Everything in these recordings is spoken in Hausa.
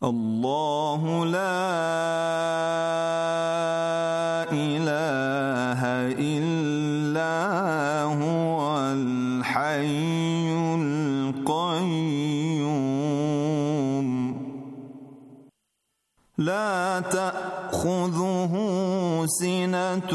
الله لا إله إلا هو الحي القيوم لا تأخذه سنة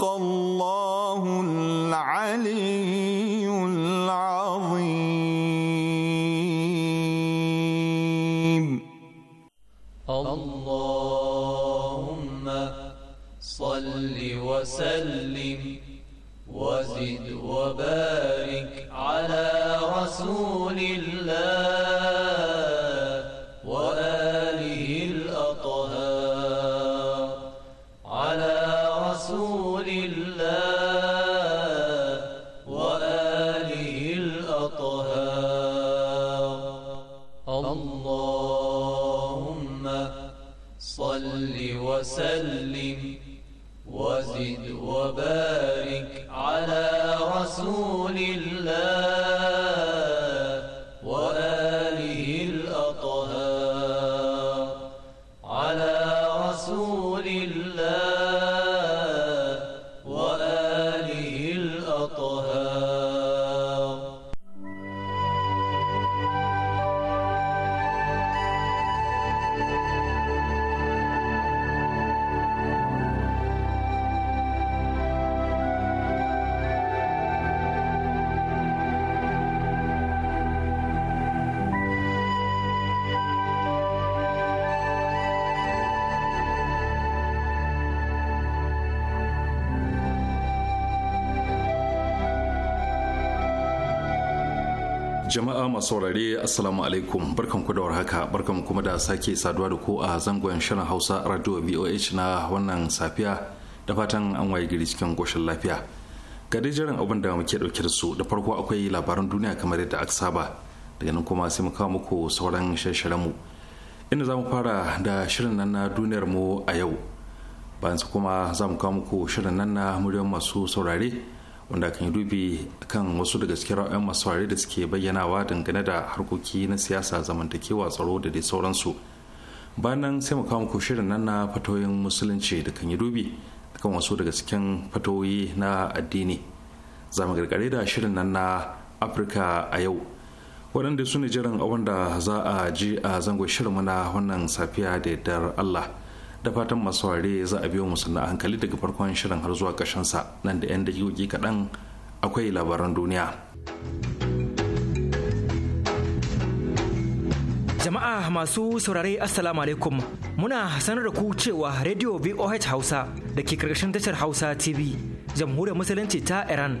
صدق الله العلي العظيم اللهم صل وسلم masu saurare assalamu alaikum barkan ku da warhaka barkan kuma da sake saduwa da ku a zangon shirin hausa radio voh na wannan safiya da fatan an waye gari cikin goshin lafiya ga jiran abin da muke dauke da su da farko akwai labaran duniya kamar yadda aka saba daga nan kuma sai mu kawo muku sauran shirye mu inda za mu fara da shirin nan na duniyar mu a yau bayan su kuma za mu kawo muku shirin nan na muryar masu saurare wanda kan yi dubi kan wasu daga cikin ra'ayoyin masu ware da suke bayyanawa dangane da harkoki na siyasa zamantakewa tsaro da dai sauransu bayan sai mu kawo shirin nan na fatoyin musulunci da kan yi dubi kan wasu daga cikin fatoyi na addini za mu gargare da shirin nan na afirka a yau waɗanda su ne jiran abin da za a ji a zango shirin na wannan safiya da yardar allah da fatan masu ware za a biyo musu na hankali daga farkon shirin har zuwa sa nan da 'yan dakiyoyi kaɗan akwai labaran duniya jama'a masu saurare assalamu alaikum muna sanar da ku cewa radio voh hausa da ke karkashin tashar hausa tv jamhuriyar musulunci ta iran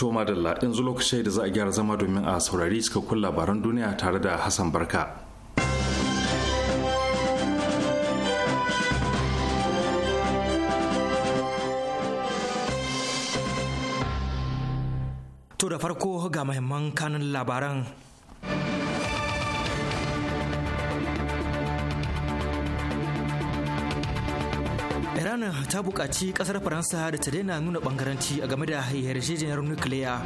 To madalla yanzu lokaci da za a gyara zama domin a saurari cikakkun labaran duniya tare da Hassan Barka. To da farko ga mahimman kanun labaran iran ta buƙaci ƙasar faransa da ta daina nuna ɓangaranci a game da yarjejeniyar nukiliya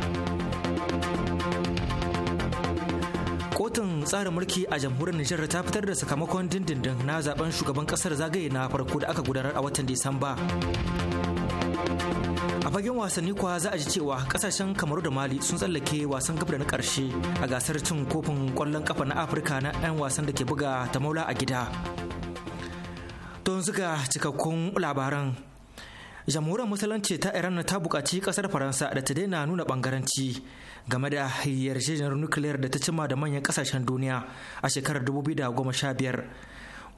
kotun tsarin mulki a jamhuriyar nijar ta fitar da sakamakon dindindin na zaben shugaban kasar zagaye na farko da aka gudanar a watan disamba a fagen wasanni kuwa za a ji cewa kasashen kamaru da mali sun tsallake wasan gaba da na karshe a gasar cin kofin kwallon kafa na afirka na 'yan wasan da ke buga ta maula a gida don zuga cikakkun labaran jamhuriyar musulunci ta iran ta buƙaci ƙasar faransa da ta daina nuna ɓangaranci game da yarjejeniyar nukiliyar da ta cima da manyan ƙasashen duniya a shekarar 2015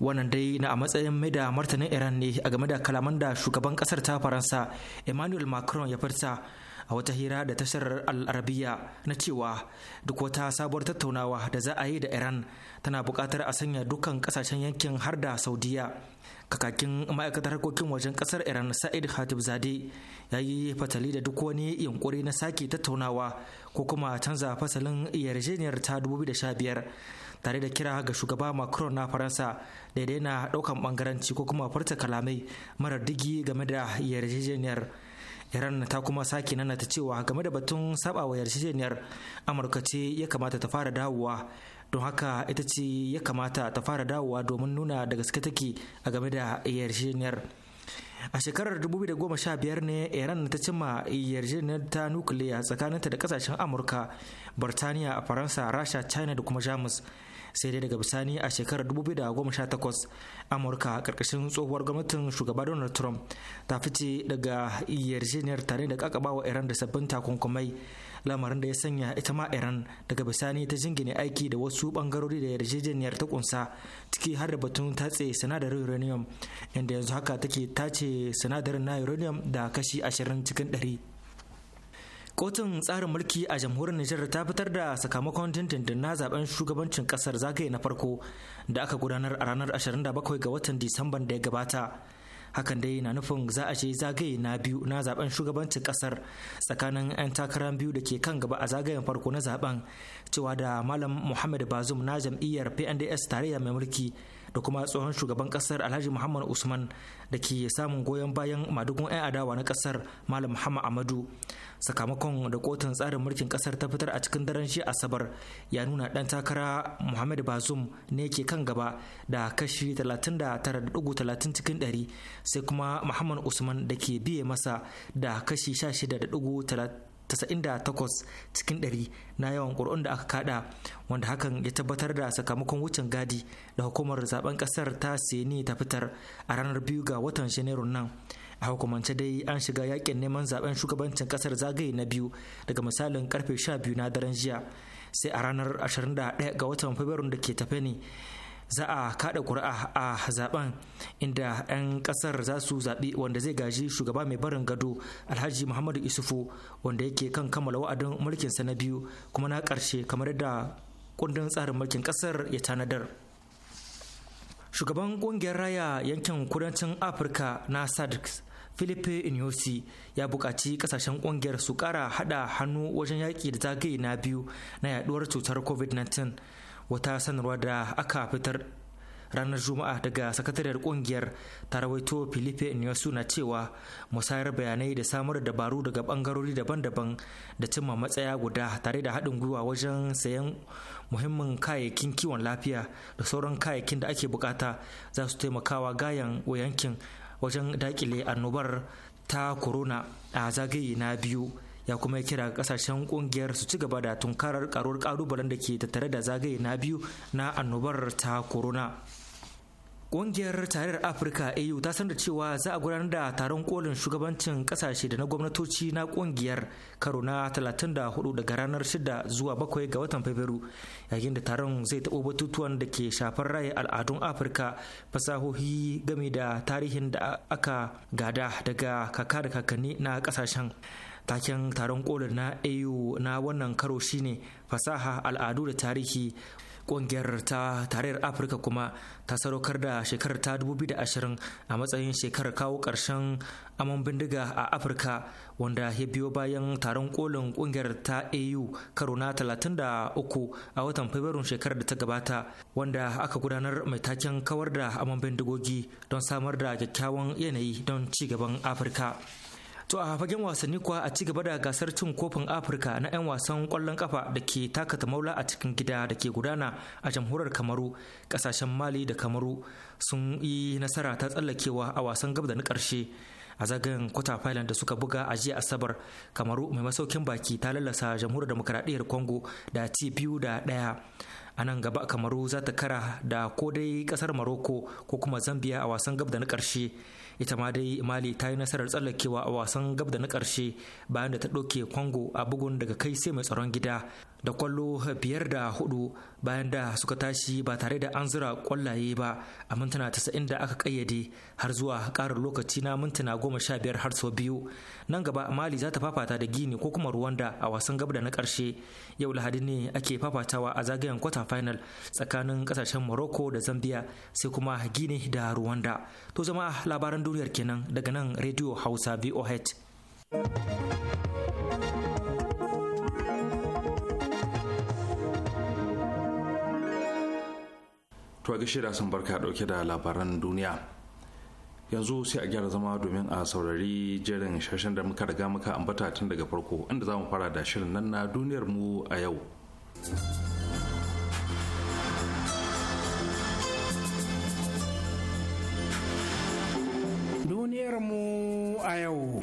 wannan dai na a matsayin mai da martanin iran ne a game da kalaman da shugaban ƙasar ta faransa emmanuel macron ya farsa a wata hira da tashar al'arabiya na cewa duk wata sabuwar tattaunawa da za a yi da iran tana buƙatar a sanya dukkan kasashen yankin har da saudiya kakakin ma'aikatar harkokin wajen kasar iran sa'id hatib zade ya yi fatali da duk wani yunkuri na sake tattaunawa ko kuma canza fasalin yarjejeniyar ta 2015 tare da kira ga shugaba macron na faransa da ya daina daukan bangaranci ko kuma furta kalamai marar digi game da yarjejeniyar iran ta kuma sake nana ta cewa game da batun sabawa yarjejeniyar amurka ce ya kamata ta fara dawowa don haka ita ce ya kamata ta fara dawowa domin nuna da gaske take a game da yarjejeniyar a shekarar 2015 ne iran ta cimma yarjejeniyar ta nukiliya tsakaninta da kasashen amurka birtaniya faransa rasha china da kuma jamus sai dai daga bisani a shekarar 2018 amurka karkashin tsohuwar gwamnatin shugaba donald trump ta fice daga yarjejeniyar tare da kakabawa iran da sabbin takunkumai lamarin da ya sanya ita ma iran daga bisani ta jingine aiki da wasu bangarori da yarjejeniyar ta kunsa ciki har da batun tatse sinadarin uranium inda yanzu haka take tace sinadarin na uranium da kashi ashirin cikin ɗari. kotun tsarin mulki a jamhuriyar Nijar ta fitar da sakamakon dindindin na zaben shugabancin kasar zagaye na farko da aka gudanar a ranar 27 ga watan Disamban da ya gabata. hakan dai na nufin za a ce zagaye na biyu na zaben shugabancin kasar tsakanin 'yan takarar biyu da ke kan gaba a zagayen farko na zaben cewa da malam muhammad bazum na jam'iyyar pnds tarayya mai mulki da kuma tsohon shugaban kasar alhaji muhammad usman da ke samun goyon bayan madugun 'yan adawa na kasar malam muhammad amadu sakamakon da kotun tsarin mulkin kasar ta fitar a cikin daren shi asabar ya nuna dan takara muhammad bazum ne ke kan gaba da kashi 39.30 cikin 100 sai kuma muhammad usman da ke biye masa da kashi 98 cikin 100 na yawan ƙuri'un da aka kada wanda hakan ya tabbatar da sakamakon wucin gadi da hukumar zaben kasar ta seni ta fitar a ranar 2 ga watan janairun nan a hukumance dai an shiga yakin neman zaben shugabancin kasar zagaye na biyu daga misalin karfe 12 na daren jiya sai a ranar 21 ga watan fabrairun da ke tafe ne za a kada a zaben inda 'yan kasar za su zaɓi wanda zai gaji shugaba mai barin gado alhaji muhammadu isufu wanda yake kan kammala wa'adin mulkinsa na biyu kuma na ƙarshe kamar da kundin tsarin mulkin kasar ya tanadar. shugaban ƙungiyar raya yankin kudancin afirka na sadc philippe inyosi ya buƙaci ƙasashen ƙungiyar su ƙara haɗa hannu wajen yaƙi da zagaye na biyu na yaɗuwar cutar covid-19 wata sanarwa da aka fitar ranar juma'a daga sakatariyar kungiyar tarawaito filipe suna na cewa musayar bayanai da samar da dabaru daga bangarori daban-daban da cimma matsaya guda tare da haɗin gwiwa wajen sayan muhimmin kayayyakin kiwon lafiya da sauran kayayyakin da ake bukata za su taimakawa gayan yankin wajen dakile annobar ta corona a zagaye na biyu ya kuma kira kasashen kungiyar su ci gaba da tunkarar karuwar kalubalen da ke tattare da zagaye na biyu na annobar ta corona Ƙungiyar Tarayyar Afirka AU ta sanar cewa za a gudanar da taron kolin shugabancin kasashe da na gwamnatoci na ƙungiyar karo na 34 daga ranar 6 zuwa 7 ga watan Fabrairu yayin da taron zai taɓo batutuwan da ke shafar raye al'adun Afirka fasahohi game da tarihin da aka gada daga kaka da kakanni na kasashen. Taken taron kolin na AU na wannan karo shine fasaha al'adu da tarihi Ƙungiyar ta tarayyar Afirka kuma ta sadaukar da shekarar ta 2020 a matsayin shekarar kawo ƙarshen aman bindiga a Afirka wanda ya biyo bayan taron kolin ƙungiyar ta AU karo na 33 a watan Fabrairun shekarar da ta gabata wanda aka gudanar mai taken kawar da aman bindigogi don samar da kyakkyawan yanayi don ci gaban Afirka. To a fagen wasanni kuwa a ci gaba da gasar cin kofin Afirka na 'yan wasan kwallon kafa da ke takata maula a cikin gida da ke gudana a jamhurar Kamaru, kasashen Mali da Kamaru sun yi nasara ta tsallakewa a wasan gab da na karshe a zagayen kwata final da suka buga a jiya asabar kamaru mai masaukin baki ta lalasa jamhuriyar demokaradiyyar congo da ci biyu da daya a nan gaba kamaru za ta kara da ko dai kasar maroko ko kuma zambia a wasan gab da na karshe ita ma dai mali ta yi nasarar tsallakewa a wasan gab da na karshe bayan da ta ɗauke kwango a bugun daga kai sai mai tsaron gida da kwallo biyar da hudu bayan da suka tashi ba tare da an zira kwallaye ba a mintuna tasa'in da aka kayyade har zuwa karin lokaci na mintuna goma sha biyar har sau biyu nan gaba mali za ta fafata da gini ko kuma ruwanda a wasan gab da na karshe yau lahadi ne ake fafatawa a zagayen kwata final tsakanin kasashen morocco da zambia sai kuma gini da ruwanda to zama labaran duniyar kenan daga nan radio hausa voh a gashi da sun barka a dauke da labaran duniya yanzu sai a gyara zama domin a saurari jerin shashen da muka riga muka ambata tun daga farko inda za mu fara da shirin nan na duniyar mu a yau duniyar mu a yau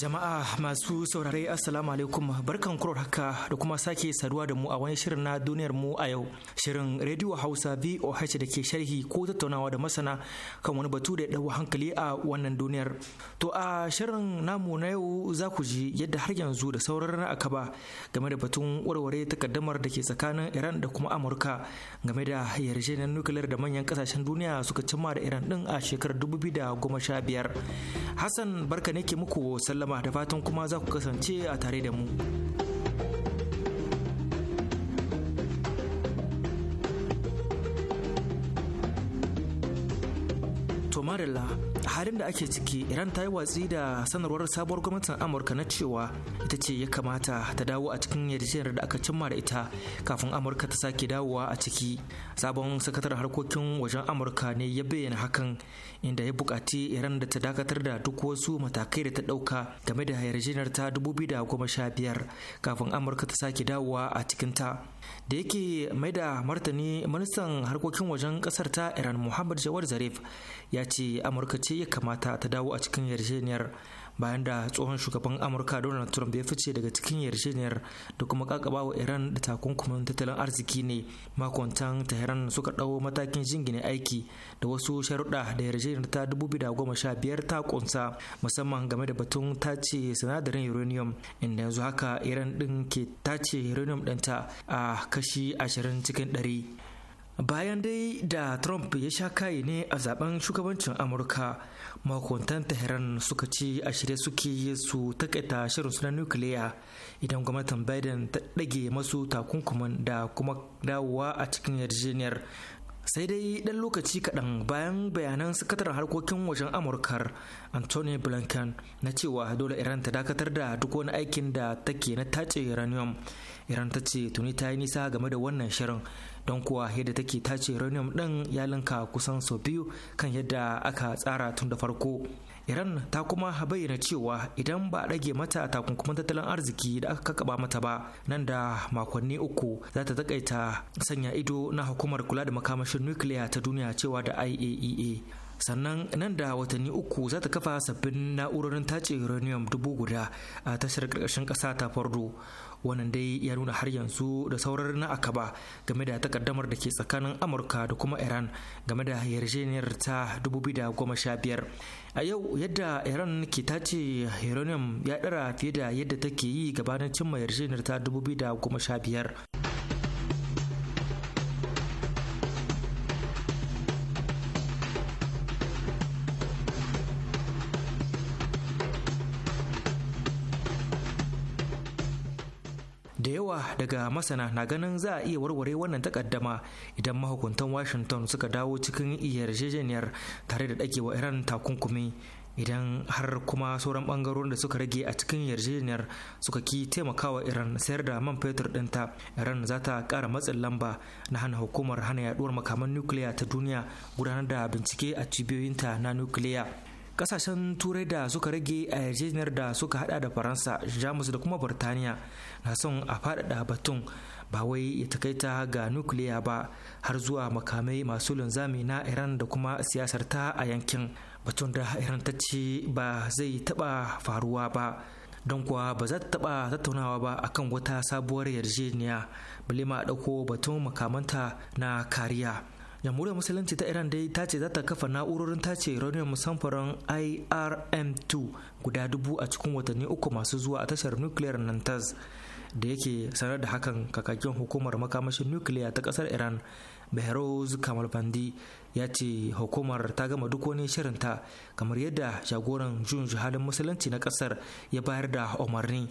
Jama'a masu saurare Assalamu alaikum barkan kurar haka da kuma sake saduwa da mu a wani shirin na duniyar mu a yau. Shirin Radio Hausa VOH da ke sharhi ko tattaunawa da masana kan wani batu da ya dawo hankali a wannan duniyar. To a shirin namu na yau za ku ji yadda har yanzu da sauran akaba game da batun warware takaddamar da ke tsakanin Iran da kuma Amurka game da yarjejeniyar nukiliyar da manyan kasashen duniya suka cimma da Iran din a shekarar da biyar Hassan barka ne ke muku sallama sallama da fatan kuma za ku kasance a tare da mu. Tomarilla halin da ake ciki iran ta yi watsi da sanarwar sabuwar gwamnatin amurka na cewa ita ce ya kamata ta dawo a cikin yarjejeniyar da aka cimma da ita kafin amurka ta sake dawowa a ciki sabon sakataren harkokin wajen amurka ne ya bayyana hakan inda ya bukaci iran da ta dakatar da duk wasu matakai da ta ɗauka game da yarjejeniyar ta dubu biyu da sha biyar kafin amurka ta sake dawowa a cikin ta da yake mai da martani ministan harkokin wajen kasar ta iran muhammad jawar zarif ya ce amurka ce ce ya kamata ta dawo a cikin yarjejeniyar bayan da tsohon shugaban amurka donald trump ya fice daga cikin yarjejeniyar da kuma kakaba wa iran da takunkumin tattalin arziki ne makontan tehran suka ɗau matakin jingine aiki da wasu sharuɗa da yarjejeniyar ta 2015 ta kunsa musamman game da batun tace sinadarin uranium inda yanzu haka iran din ke tace uranium ɗinta a kashi ashirin cikin ɗari. bayan dai da trump ya sha kayi ne a zaben shugabancin amurka makontan tehran suka ce a shirye suke su takaita shirin na nukiliya idan gwamnatin biden ta ɗage masu takunkumin da kuma dawowa a cikin yarjejeniyar sai dai ɗan lokaci kaɗan bayan bayanan sakataren harkokin wajen amurkar anthony blinken na cewa dole iran ta dakatar da duk wani aikin da take na tace uranium iran ta ce tuni ta yi nisa game da wannan shirin don kuwa yadda take tace uranium din ya linka kusan sau biyu kan yadda aka tsara tun da farko iran ta kuma bayyana cewa idan ba a rage mata takunkuman tattalin arziki da aka kakaba mata ba nan da makonni uku za ta takaita sanya ido na hukumar kula da makamashin nukiliya ta duniya cewa da iaea e sannan nan da watanni uku za ta kafa sabbin na'urorin tace uranium dubu guda a tashar karkashin ƙasa ta fardo wannan dai ya nuna har yanzu da saurar na akaba game da takaddamar da ke tsakanin amurka da kuma iran game da yarjejeniyar ta 2015 a yau yadda iran ke tace uranium ya dara fiye da yadda take yi gabanin cimma yarjejeniyar ta 2015 daga masana na ganin za a iya warware wannan takaddama idan mahukuntan washington suka dawo cikin yarjejeniyar tare da dakewa iran takunkumi idan har kuma sauran bangarorin da suka rage a cikin yarjejeniyar suka ki taimakawa iran sayar da man fetur dinta iran za ta kara matsin lamba na hana hukumar hana yaduwar makaman nukiliya ta duniya gudanar da bincike a cibiyoyinta na nukiliya kasashen turai da suka rage a yarjejeniyar da suka hada da faransa jamus da kuma burtaniya na son a faɗaɗa batun ba wai ya takaita ga nukiliya ba har zuwa makamai masu linzami na iran da kuma siyasar ta a yankin batun da iran ta ce ba zai taɓa faruwa ba don kuwa ba za ta taɓa tattaunawa ba akan wata sabuwar yarjejeniya balima a ɗauko batun makamanta na kariya jamhuriyar musulunci ta iran dai ta ce za ta kafa na'urorin tace uranium samfuran irm2 guda dubu a cikin watanni uku masu zuwa a tashar nukiliyar nantas da yake sanar da hakan kakakin hukumar makamashin nukiliya ta kasar iran behrouz kamal ya ce hukumar ta gama duk wani shirinta kamar yadda jagoran jun halin musulunci na kasar ya bayar da umarni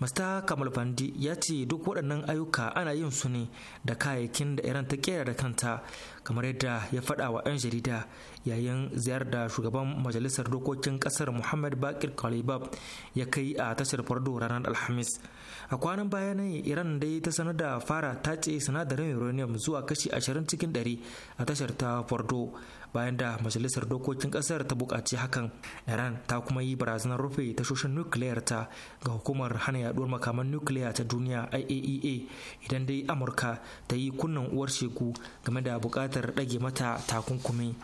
masta kamal bandi ya ce duk waɗannan ayyuka ana yin su ne da kayayyakin da iran ta kera da kanta kamar yadda ya faɗa wa 'yan jarida yayin ziyar da shugaban majalisar dokokin ƙasar muhammad bakir kalibab ya kai a tashar fardo ranar alhamis a kwanan baya ne iran dai ta sanar da fara tace sinadarin uranium zuwa kashi 20 cikin 100 a tashar ta fardo bayan da majalisar dokokin kasar ta buƙaci hakan iran ta kuma yi barazanar rufe tashoshin nukiliyar ta ga hukumar hana yaduwar makaman nukiliya ta duniya iaea e idan dai amurka ta yi kunnen uwar shegu game da buƙatar ɗage mata takunkumi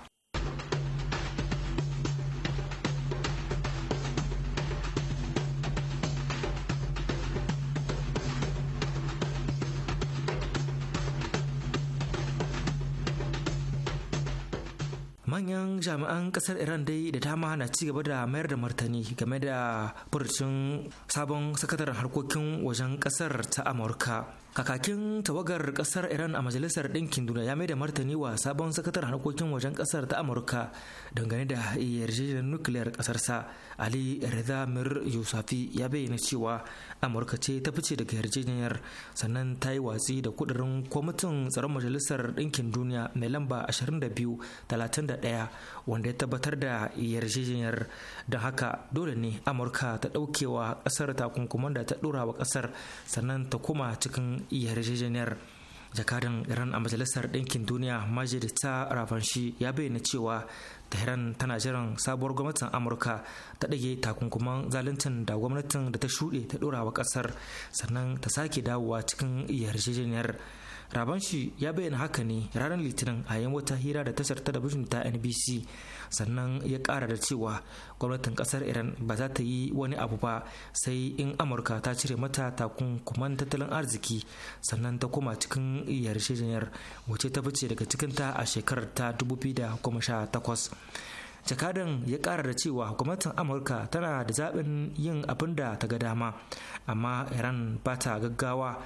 jami'an kasar iran dai da dama na ci gaba da mayar da martani game da furucin sabon sakataren harkokin wajen kasar ta amurka kakakin tawagar kasar iran a majalisar ɗinkin duniya ya mai da martani wa sabon sakataren harkokin wajen kasar ta amurka dangane da yarjejeniyar nukiliyar kasarsa ali reza mir yusafi ya bayyana cewa amurka ce ta fice daga yarjejeniyar sannan ta yi watsi da kudirin kwamitin tsaron majalisar ɗinkin duniya mai lamba 22 31 wanda ya tabbatar da yarjejeniyar da haka dole ne amurka ta ɗaukewa ƙasar takunkuman da ta ɗora wa ƙasar sannan ta kuma cikin yarjejeniyar jakadan iran a majalisar ɗinkin duniya majid ta rafanshi ya bayyana cewa tehran tana jiran sabuwar gwamnatin amurka ta ɗage takunkuman zaluncin da gwamnatin da ta shuɗe ta ɗora wa ƙasar sannan ta sake dawowa cikin yarjejeniyar shi ya bayyana haka ne ranar litinin a yin wata hira da tashar talabijin ta nbc sannan ya kara da cewa gwamnatin kasar iran ba za ta yi wani abu ba sai in amurka ta cire mata takunkuman tattalin arziki sannan ta koma cikin yarjejeniyar wace ta fice daga cikinta a shekarar ta 2018 jakadan ya kara da cewa gwamnatin amurka tana da zaɓin yin abin da ta ga dama amma iran ba ta gaggawa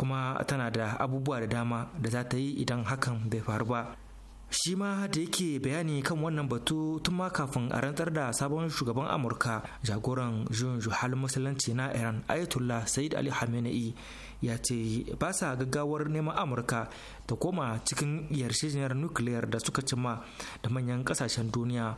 kuma tana da abubuwa da dama da za ta yi idan hakan bai faru ba shi ma da yake bayani kan wannan batu tun ma kafin a rantsar da sabon shugaban amurka jagoran jun juhal musulunci na iran ayatollah said ali hamenei ya ce ba sa gaggawar neman amurka ta koma cikin yarjejeniyar nukiliyar da suka cimma da manyan kasashen duniya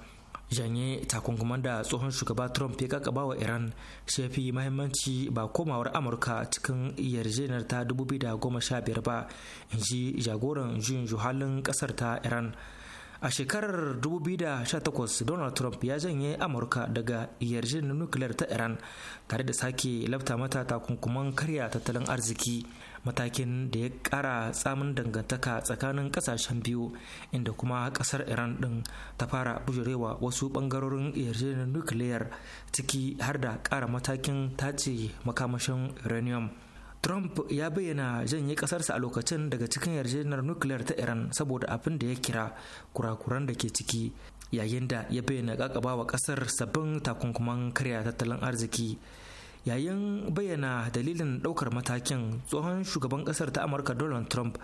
janye takunkuman da tsohon shugaba trump ya kakaba wa iran shi fi mahimmanci ba komawar amurka cikin yarjejeniyar ta 2015 ba in ji jagoran juyin juhalin kasar ta iran a shekarar 2018 donald trump ya janye amurka daga yarjejeniyar nukiliyar ta iran tare da sake lafta mata takunkuman karya tattalin arziki matakin da ya kara tsamin dangantaka tsakanin kasashen biyu inda kuma kasar iran din ta fara bujurewa wasu bangarorin yarjejeniyar nukiliyar ciki har da kara matakin tace makamashin uranium Trump ya bayyana janye kasarsa a lokacin daga cikin yarjejeniyar nukiliyar ta Iran saboda abin da ya kira kurakuran da ke ciki yayin da ya bayyana kakaba wa kasar sabbin takunkuman karya tattalin arziki yayin bayyana dalilin ɗaukar matakin tsohon shugaban ƙasar ta amurka donald trump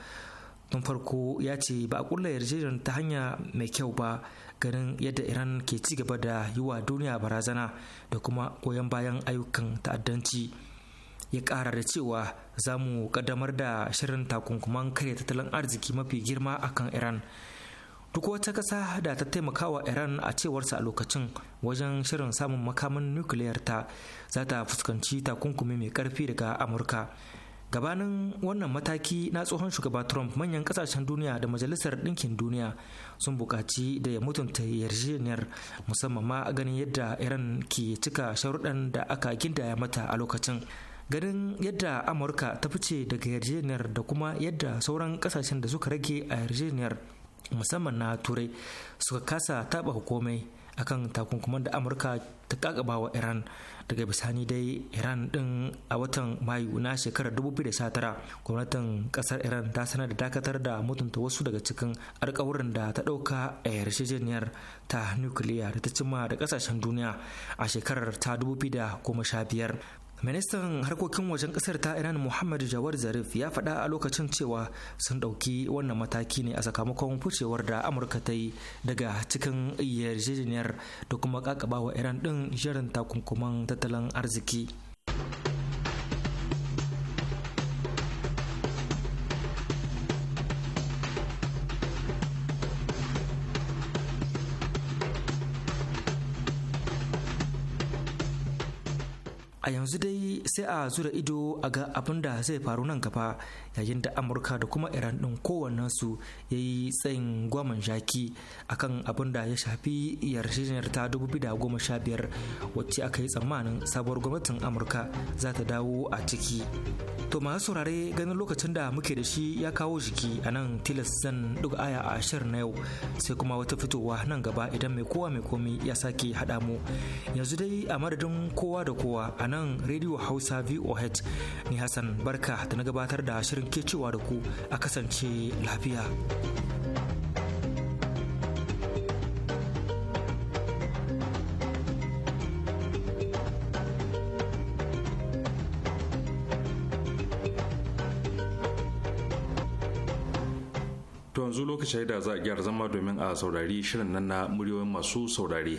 tun farko ya ce ba a kulla yarjejen ta hanya mai kyau ba ganin yadda iran ke ci gaba da yi wa duniya barazana da kuma goyon bayan ayyukan ta'addanci ya ƙara da cewa za mu ƙaddamar da shirin takunkuman karya tattalin arziki mafi girma akan iran duk wata ƙasa da ta taimakawa iran a cewarsa a lokacin wajen shirin samun makamin nukiliyar ta za ta fuskanci takunkumi mai karfi daga amurka gabanin wannan mataki na tsohon shugaba trump manyan kasashen duniya da majalisar ɗinkin duniya sun buƙaci da ya mutunta yarjejeniyar musamman ma ganin yadda iran ke cika sharuɗan da aka gindaya mata a lokacin ganin yadda amurka ta fice daga yarjejeniyar da kuma yadda sauran kasashen da suka rage a yarjejeniyar musamman na turai suka kasa taba hukumai akan takunkuman da amurka ta kakaba wa iran daga bisani dai iran din a watan mayu na shekarar 2019 gwamnatin kasar iran ta sanar da dakatar da mutunta wasu daga cikin alkawarin da ta dauka a yarjejeniyar ta nukiliya da ta cimma da kasashen duniya a shekarar ta 2015 ministan harkokin wajen kasar ta iran muhammad jawar zarif ya faɗa a lokacin cewa sun ɗauki wannan mataki ne a sakamakon fushewar da amurka ta yi daga cikin yarjejeniyar da kuma wa iran ɗin shirin takunkuman tattalin arziki a yanzu dai sai a zura ido a ga abin da zai faru nan gaba yayin da amurka da kuma iran din kowannensu ya yi tsayin gwaman jaki akan abin da ya shafi yarjejeniyar ta 2015 wacce aka yi tsammanin sabuwar gwamnatin amurka za ta dawo a ciki to masu saurare ganin lokacin da muke da shi ya kawo jiki a nan tilas zan ɗuga aya a ashirin na yau sai kuma wata fitowa nan gaba idan mai kowa mai komi ya sake haɗa mu yanzu dai a madadin kowa da kowa a nan nan Radio Hausa VOH ni Hassan Barka da na gabatar da shirin ke cewa da ku a kasance lafiya. To yanzu lokacin da za a gyara zama domin a saurari shirin nan na muryoyin masu saurari.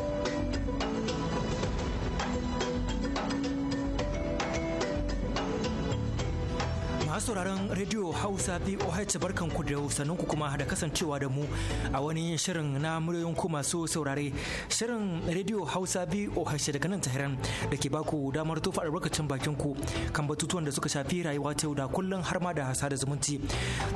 sauraron Radio Hausa barkan ku da ku kuma da kasancewa da mu a wani shirin na muryoyin ku masu saurare shirin Radio Hausa VOH daga nan Tahiran da ke baku damar tofa albarkacin bakin ku kan batutuwan da suka shafi rayuwa ta yau da kullun har ma da sada zumunci.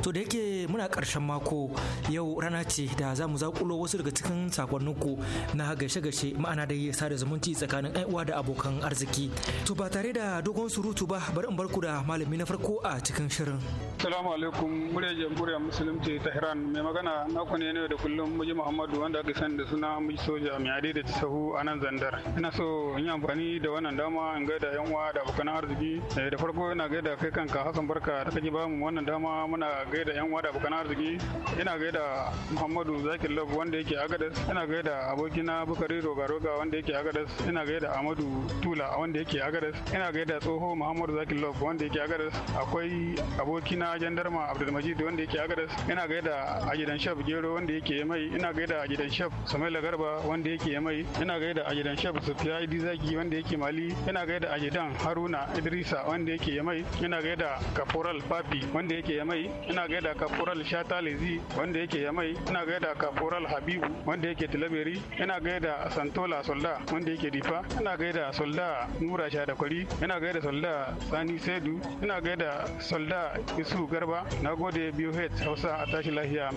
To da yake muna karshen mako yau rana ce da za mu zakulo wasu daga cikin sakonnin ku na gashe-gashe ma'ana da yi sada zumunci tsakanin uwa da abokan arziki. To ba tare da dogon surutu ba bari in barku da malami na farko a cikin cikin shirin. Salamu alaikum muryar jamhuriyar musulunci ta Iran mai magana na ku ne da kullum muji Muhammadu wanda aka sani da suna muji soja mai ade da sahu a nan zandar. Ina so in yi amfani da wannan dama in gaida yan uwa da abokan arziki eh, da farko ina gaida kai kanka Hassan Barka da kake ba mu wannan dama muna gaida yan uwa da abokan arziki ina gaida Muhammadu Zakir Lab wanda yake Agadas ina gaida abokina Bukari Roga Roga wanda yake Agadas ina gaida Amadu Tula wanda yake Agadas ina gaida tsoho Muhammadu Zakir Lab wanda yake Agadas akwai abokina jandarma abdulmajid wanda yake agadas ina gaida ajidan shaf gero wanda yake mai ina gaida ajidan shaf samaila garba wanda yake mai ina gaida ajidan shaf sufiya dizaki wanda yake mali ina gaida ajidan haruna idrisa wanda yake mai ina gaida kaporal papi wanda yake mai ina gaida kaporal shatalezi wanda yake mai ina gaida kaporal habibu wanda yake tilaberi ina gaida santola solda wanda yake difa ina gaida solda nura shadakwari ina gaida solda sani sedu ina gaida solda isu garba na gode biyu hausa a tashi lahiya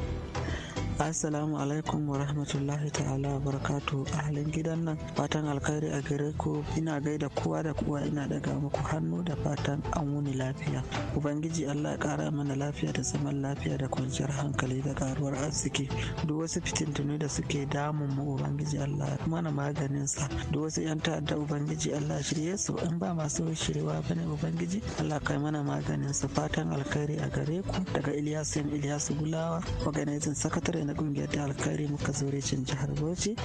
assalamu alaikum wa rahmatullahi ta'ala wa barakatu halin gidan nan fatan alkhairi a gare ku ina gaida kowa da kowa ina daga muku hannu da fatan an wuni lafiya ubangiji allah ya kara mana lafiya da zaman lafiya da kwanciyar hankali da karuwar arziki duk wasu fitintunu da suke damun mu ubangiji allah ya mana maganin sa duk wasu yan ta'adda ubangiji allah shirye su in ba masu shirewa ne ubangiji allah kai mana maganin su fatan alkhairi a gare ku daga ilyasu yan ilyasu gulawa organizing secretary na kungiyar ta alkhairi muka zaure cin jihar Bauchi.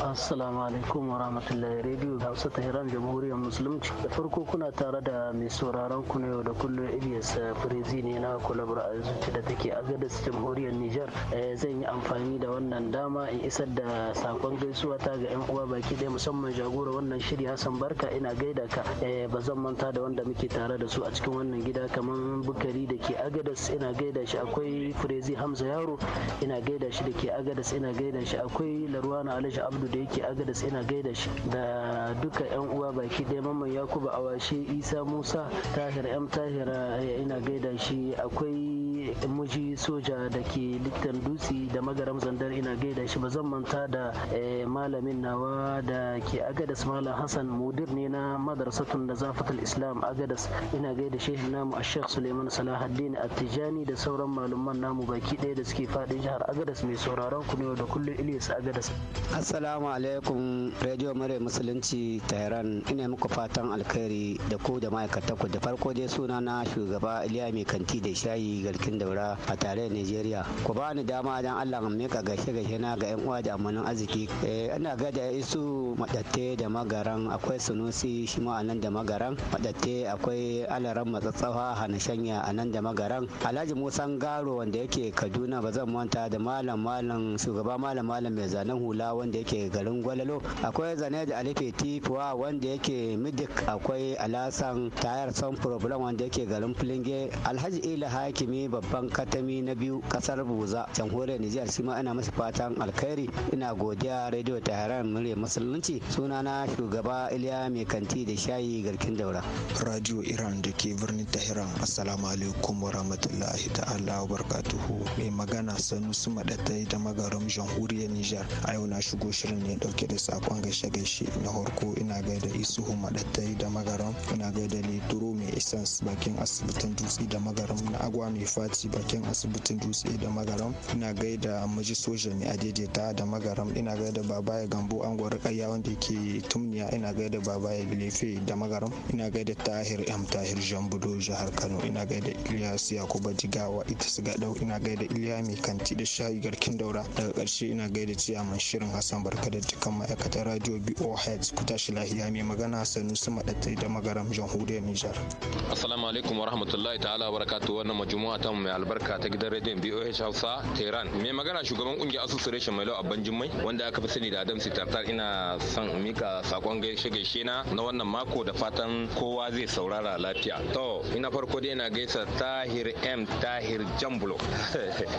Assalamu alaikum wa rahmatullahi rediyo Hausa Tehran Jamhuriyar Musulunci. Da farko kuna tare da mai sauraron ku na yau da kullum Ilyas eh, Firizi ne na kulabar azuci da take agadas Jamhuriyar Nijar. Eh, zan yi amfani da wannan dama in isar da sakon gaisuwa ta ga 'yan uwa baki ɗaya musamman jagora wannan shiri Hassan Barka ina gaida ka. Eh, ba zan manta da wanda muke tare da su a cikin wannan gida kamar Bukari da ke agadas ina gaida shi akwai Firizi Hamza Yaro ina gaida gaida shi da ke agadas ina gaida shi akwai larwana alhaji abdu da yake agadas ina gaida shi da duka yan uwa baki ɗaya mamman yakubu awashe isa musa tahir yan tahira eh, ina gaida shi akwai muji soja da ke littan dutse da magaram zandar ina gaida shi ba zan manta da eh, malamin nawa da ke agadas malam hassan mudir ne na madarsatun da zafatul islam agadas ina gaida shehin namu a sheikh suleiman salahaddin attijani da sauran malaman namu baki ɗaya da suke faɗin jihar agadas Agadas mai sauraron ku ne da kullum Ilyas Agadas. Assalamu alaikum Radio Mare Musulunci Tehran ina muku fatan alkhairi da ku da ma'aikatan ku da farko dai suna na shugaba Iliya mai kanti da shayi garkin daura a tarayyar Nigeria Ku ba ni dama dan Allah mu mika gashe gashe na ga yan uwa da amanan arziki. Eh, ina ga da isu madatte da magaran akwai sunusi shi ma anan da magaran madatte akwai alaran matsatsawa hana shanya anan da magaran Alhaji Musa Garo wanda yake Kaduna ba zan manta da ma malam malam shugaba malam malam mai zanen hula wanda yake garin gwalalo akwai zane da alife tifuwa wanda yake midik akwai alasan tayar son problem wanda yake garin filinge alhaji ila hakimi babban katami na biyu kasar buza jamhuriyar nijiyar shi ina ana masa fatan alkhairi ina godiya radio taharan murya musulunci sunana shugaba iliya mai kanti da shayi garkin daura radio iran da ke birnin tahiran assalamu alaikum wa rahmatullahi ta'ala wa barakatuhu mai magana sanusi haɗatai ta magarin jamhuriyar Nijar. A yau na shigo shirin ne ɗauke da sakon gaishe-gaishe na harko ina gaida isuhu maɗatai da magaram ina gaida leturo mai isans bakin asibitin dutse da magaram na agwa mai faci bakin asibitin dutse da magaram ina gaida maji soja mai adaidaita da magaram ina gaida babaya gambo an gwar kayya wanda ke tumniya ina gaida babaya bilefe da magaram ina gaida tahir m tahir jambudo jihar kano ina gaida ilyas yakuba jigawa ita siga dau ina gaida iliya mai kanti da shayi ra'ayi garkin daura daga ƙarshe ina gaida mai shirin hassan barka da dukkan ma'aikatan radio boh ku tashi lahiya mai magana sanusi Madatai da magaram jamhuriyar nijar assalamu alaikum rahmatullahi ta'ala barakatu wannan majumu'a ta mai albarka ta gidan rediyon boh hausa tehran mai magana shugaban kungiyar asusu reshen abban jummai wanda aka fi sani da adam Sitartar ina son mika sakon gaishe gaishe na na wannan mako da fatan kowa zai saurara lafiya to ina farko dai ina gaisa tahir m tahir jambulo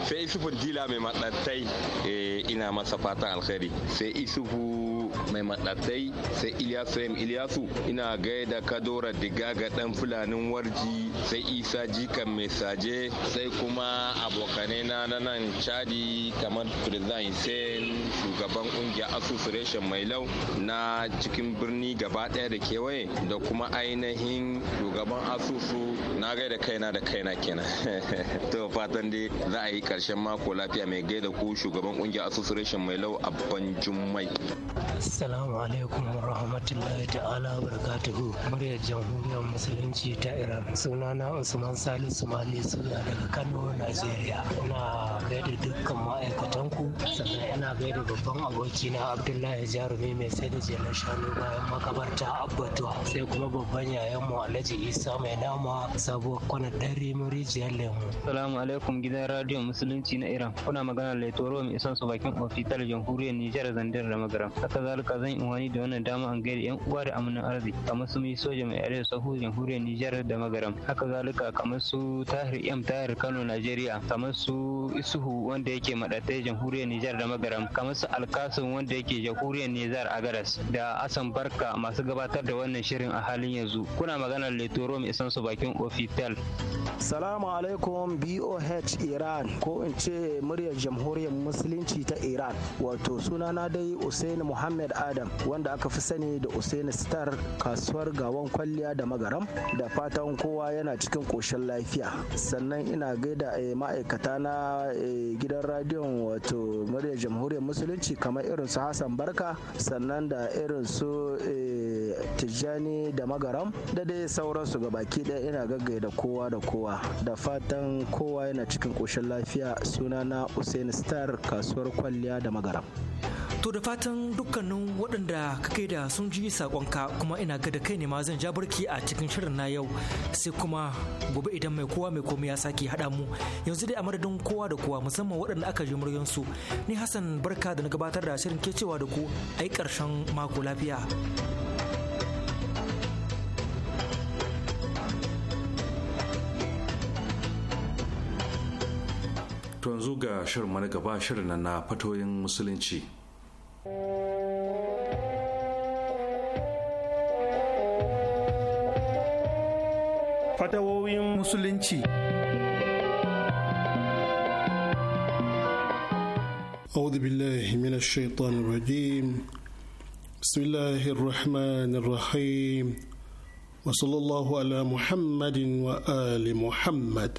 sai sufur dila mai maɗattai eh, ina masa fatan alkhairi sai isufu mai matsatsai sai Ilyasu M Ilyasu ina gaida Kadora Diga ga dan fulanin warji sai Isa Jikan mai saje sai kuma abokanai na nan Chadi kamar Firzan Hussein shugaban kungiyar Association mai lau na cikin birni gaba ɗaya da kewaye da kuma ainihin shugaban asusu na gaida kaina da kaina kenan to fatan dai za a yi karshen mako lafiya mai gaida ku shugaban kungiyar association mai lau abban jummai Assalamu alaikum wa rahmatullahi ta'ala wa barakatuhu. Muryar Jamhuriyar Musulunci ta Iran. Sunana Usman Salisu Mali suna daga Kano, Najeriya. Ina gaida dukkan ma'aikatanku sannan ina gaida babban abokina Abdullahi Jarumi mai sai da jelar shanu bayan makabarta Abbatuwa. Sai kuma babban yayan mu Alhaji Isa mai nama sabuwar kwanar ɗan rijiyar lemu. Assalamu alaikum gidan radiyon Musulunci na Iran. Kuna magana Laitoro mai isan su bakin ofital Jamhuriyar Nijar Zandar da Magaram. haka zan yi wani da wannan dama an gaida yan uwa da amanan arziki kamar su mai soja mai arewa sahu jamhuriyar nijar da magaram haka zalika kamar su tahir m tahir kano najeriya kamar su isuhu wanda yake madatai jamhuriyar nijar da magaram kamar su alkasun wanda yake jamhuriyar nijar a garas da asan barka masu gabatar da wannan shirin a halin yanzu kuna maganar letoro mai isan su bakin ofitel salamu alaikum boh iran ko in ce muryar jamhuriyar musulunci ta iran wato sunana dai usaini muhammad adam wanda aka fi sani da usaini star kasuwar gawan kwalliya da magaram da fatan kowa yana cikin koshin lafiya sannan ina gaida eh, ma'aikata na eh, gidan radiyon wato murya jamhuriyar musulunci kamar irin su hassan barka sannan da irin su eh, tijjani da magaram da dai sauransu ga baki ɗaya ina gaggaida kowa da kowa da fatan kowa yana cikin koshin lafiya suna na usaini star kasuwar kwalliya da magaram To da fatan dukkanin waɗanda ka kai da sun ji saƙonka kuma ina ga da kai ne ma zan ja barki a cikin shirin na yau sai kuma gobe idan mai kowa mai komai ya sake haɗa mu yanzu dai a madadin kowa da kowa musamman waɗanda aka ji muryansu ni Hassan barka da na gabatar da shirin cewa da ku ai ƙarshen mako lafiya. To yanzu ga shirin na gaba shirin na fatoyin musulunci. Fatawoyin Musulunci أعوذ بالله من الشيطان الرجيم بسم الله الرحمن الرحيم وصلى الله على محمد وآل محمد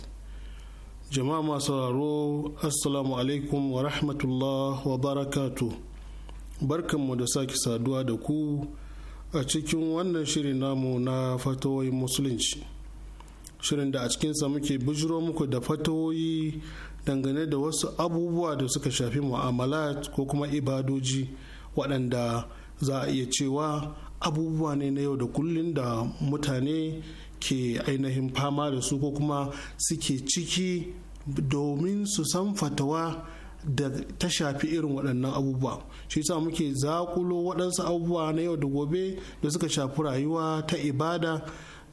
jama'a masu sauraro assalamu alaikum wa rahmatullah wa barakatu barkanmu da sake saduwa da ku a cikin wannan shirin namu na fatawoyin musulunci shirin da a cikinsa muke bijiro muku da fatawoyi dangane da wasu abubuwa da suka shafi mu'amala ko kuma ibadoji waɗanda za a iya cewa abubuwa ne na yau da kullun da mutane ke ainihin fama da su ko kuma suke ciki domin su san fatawa da ta shafi irin waɗannan abubuwa shi sa muke zakulo waɗansu abubuwa na yau da gobe da suka shafi rayuwa ta ibada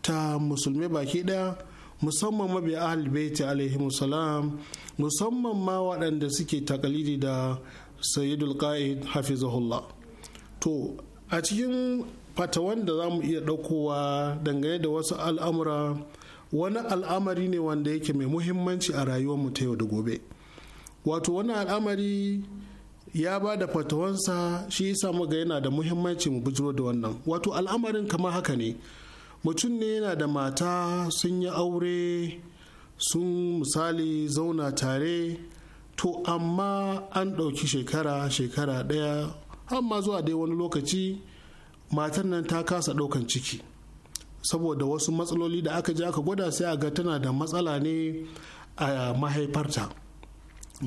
ta musulmi baki ɗaya musamman mabiya ahal baiti alaihi musalam musamman ma waɗanda suke takalidi da sayyidul qa'id hafizahullah to a cikin fatawan da za mu iya ɗaukowa dangane da wasu al'amura wani al'amari ne wanda yake mai muhimmanci a rayuwar mu ta yau da gobe. wato wannan al'amari ya ba da fatawansa shi samu muga yana da muhimmanci mu bujiro da wannan wato al'amarin kamar haka ne mutum ne yana da mata sun yi aure sun misali zauna tare to amma an ɗauki shekara shekara ɗaya amma zuwa dai wani lokaci matar nan ta kasa ɗaukan ciki saboda wasu matsaloli da aka je aka gwada sai a ga tana da matsala ne a mahaifarta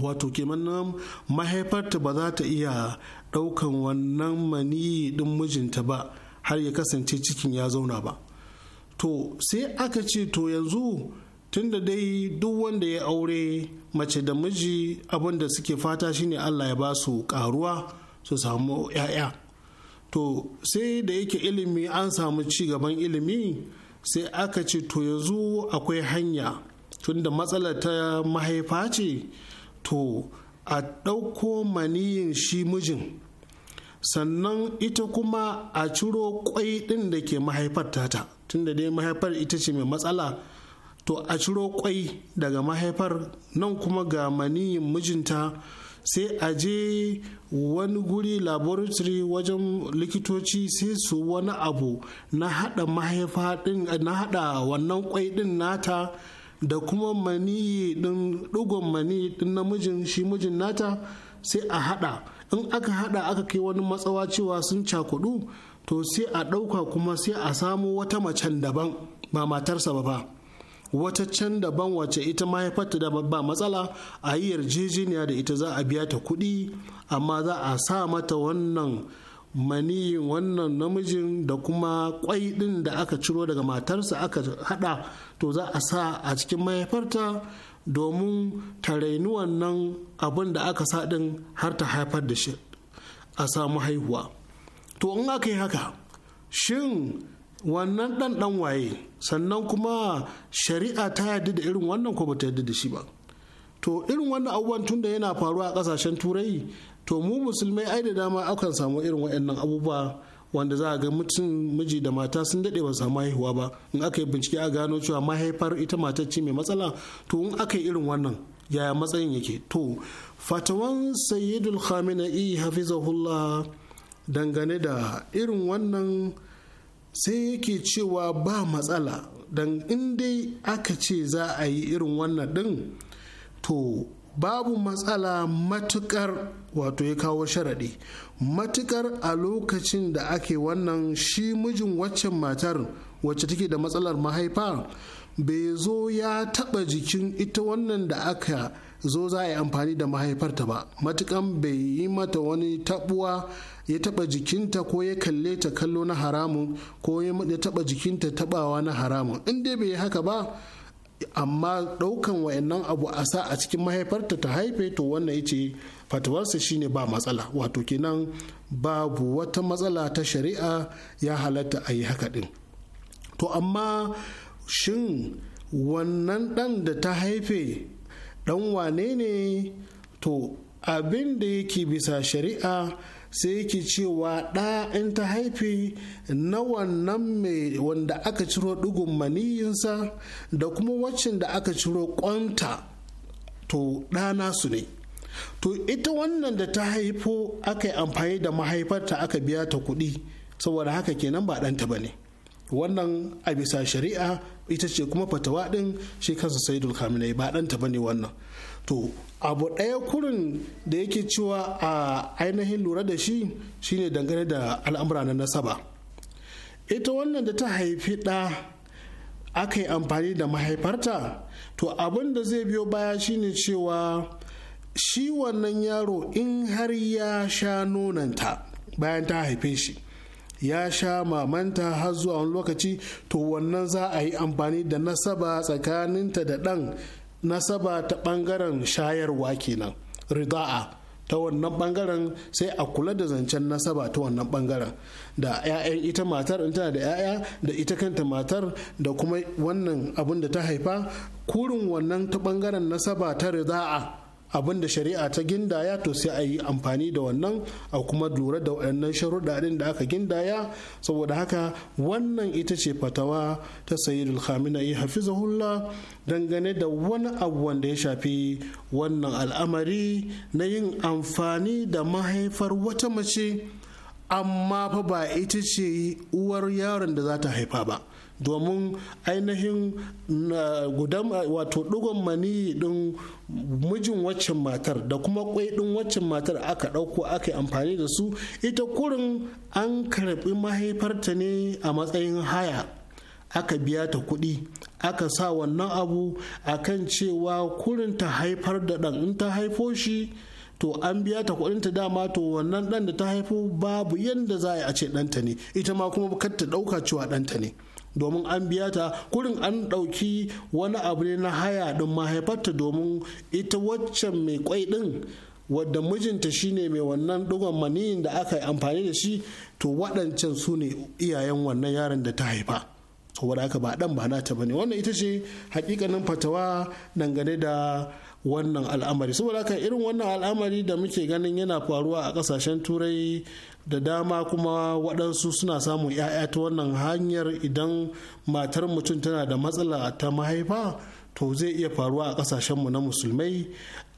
wato kenan mahaifarta ba za ta iya ɗaukan wannan mani ɗin mijinta ba har ya kasance cikin ya zauna ba to sai aka ce to yanzu tunda dai duk wanda ya aure mace da miji abin da suke fata shine allah ya ba su karuwa su samu 'ya'ya to sai da yake ilimi an samu ci gaban ilimi sai aka ce to yanzu akwai hanya tunda matsalar ta mahaifa ce to a ɗauko maniyin shi mijin sannan ita kuma a ciro ƙwai ɗin da ke mahaifar tata tunda dai mahaifar ita ce mai matsala to a ciro kwai daga mahaifar nan kuma ga maniyin mijinta sai a je wani guri laboratory wajen likitoci sai su wani abu na haɗa na hada wannan kwai ɗin nata da kuma maniyi din dugon maniyi din namijin shi mijin nata sai a hada in aka hada aka kai wani matsawa cewa sun cakudu to sai a dauka kuma sai a samu wata macen daban ba matarsa ba wata can daban wace ita mahaifarta da ba matsala a yi yarjejeniya da ita za a biya ta kuɗi amma za a sa mata wannan maniyin wannan namijin da kuma kwai din da aka ciro daga matarsa aka haɗa to za a sa a cikin mahaifarta domin ta rainuwan wannan abin da aka sa ɗin har ta haifar da shi a samu haihuwa to in aka yi haka shin wannan dan dan waye sannan kuma shari'a ta yadda da irin wannan ko bata yadda da shi ba to irin wannan abubuwan tun da yana faruwa a ƙasashen turai to mu musulmai ai da dama akan samu irin waɗannan abubuwa wanda za a ga mutum miji da mata sun daɗe ba samu haihuwa ba in aka yi bincike a gano cewa mahaifar ita ce mai matsala to in aka yi irin wannan yaya matsayin yake to fatawan sayyidul khamenei hafizahullah dangane da irin wannan sai yake cewa ba matsala don in dai aka ce za a yi irin wannan din? to babu matsala matukar wato ya kawo sharaɗi matukar a lokacin da ake wannan shi mijin waccan matar wacce take da matsalar mahaifa bai zo ya taɓa jikin ita wannan da aka zo za a yi amfani da mahaifarta ba matukan bai yi mata wani tabuwa ya taba jikinta ko ya kalle ta kallo na haramun ko ya taba jikinta taɓawa na haramun in dai bai yi haka ba amma ɗaukan wayannan abu a sa a cikin mahaifarta ta haife to wannan ya ce fatawarsa shine ba matsala wato kenan babu wata matsala ta shari'a ya halatta a yi haka ɗin to amma shin wannan ɗan da ta haife ɗan wane ne to abin da yake bisa shari'a sai yake cewa ɗa in ta haife na wannan mai wanda aka ciro ɗigon maniyinsa da kuma waccin da aka ciro ƙwanta to ɗa su ne to ita wannan da ta haifo aka yi amfani da mahaifarta aka biya ta kuɗi saboda haka kenan ba ɗanta ba ne wannan a bisa shari'a ita ce kuma fatawa ɗin shi kansa saidul kamilai ba ɗanta ba ne wannan to abu ɗaya kurin da yake cewa a ainihin lura da shi shine dangane da al'amura na nasaba ita wannan da ta haifi ɗa aka yi amfani da mahaifarta to abin da zai biyo baya shine cewa shi wannan yaro in har ya sha nonanta bayan ta haife shi ya sha mamanta har zuwa wani lokaci to wannan za a yi amfani da nasaba tsakaninta da ɗan nasaba ta bangaren shayarwa kenan rida'a ta wannan bangaren sai a kula da zancen nasaba ta wannan bangaren da 'ya'yan ita matar in tana da 'ya'ya da ita kanta matar da kuma wannan abin da ta haifa kurin wannan ta bangaren nasaba ta rida'a abin da shari'a ta gindaya to sai a yi amfani da wannan a kuma lura da waɗannan sharuɗa ɗin da aka gindaya saboda haka wannan ita ce fatawa ta sayyidul khamenei eh, hafizahullah dangane da wani abu wanda ya shafi wannan al'amari na yin amfani da mahaifar wata mace amma fa ba ita ce uwar yaron da za ta haifa ba domin ainihin gudan wato ɗigon mani din mijin waccan matar da kuma kwai din waccan matar aka ɗauko aka yi amfani da su ita kurin an karɓi mahaifarta ne a matsayin haya aka biya ta kuɗi aka sa wannan abu akan cewa kurin ta haifar da ɗan in ta haifo shi to an biya ta kuɗin ta dama to wannan ɗan da ta haifo babu yadda za a ce ɗanta ne ita ma kuma kar ta ɗauka cewa ɗanta ne domin an biya ta kurin an ɗauki wani abu ne na haya ɗin mahaifarta domin ita waccan mai kwai ɗin wadda mijinta shine mai wannan ɗigon maniyin da aka yi amfani da shi to waɗancan su ne iyayen wannan yaron da ta haifa saboda aka ba ɗan ba nata bane wannan ita ce hakikanin fatawa dangane da wannan al'amari saboda haka irin wannan al'amari da muke ganin yana faruwa a kasashen turai da dama kuma waɗansu suna samun 'ya'ya ta wannan hanyar idan matar mutum tana da matsala ta mahaifa to zai iya faruwa a kasashenmu na musulmai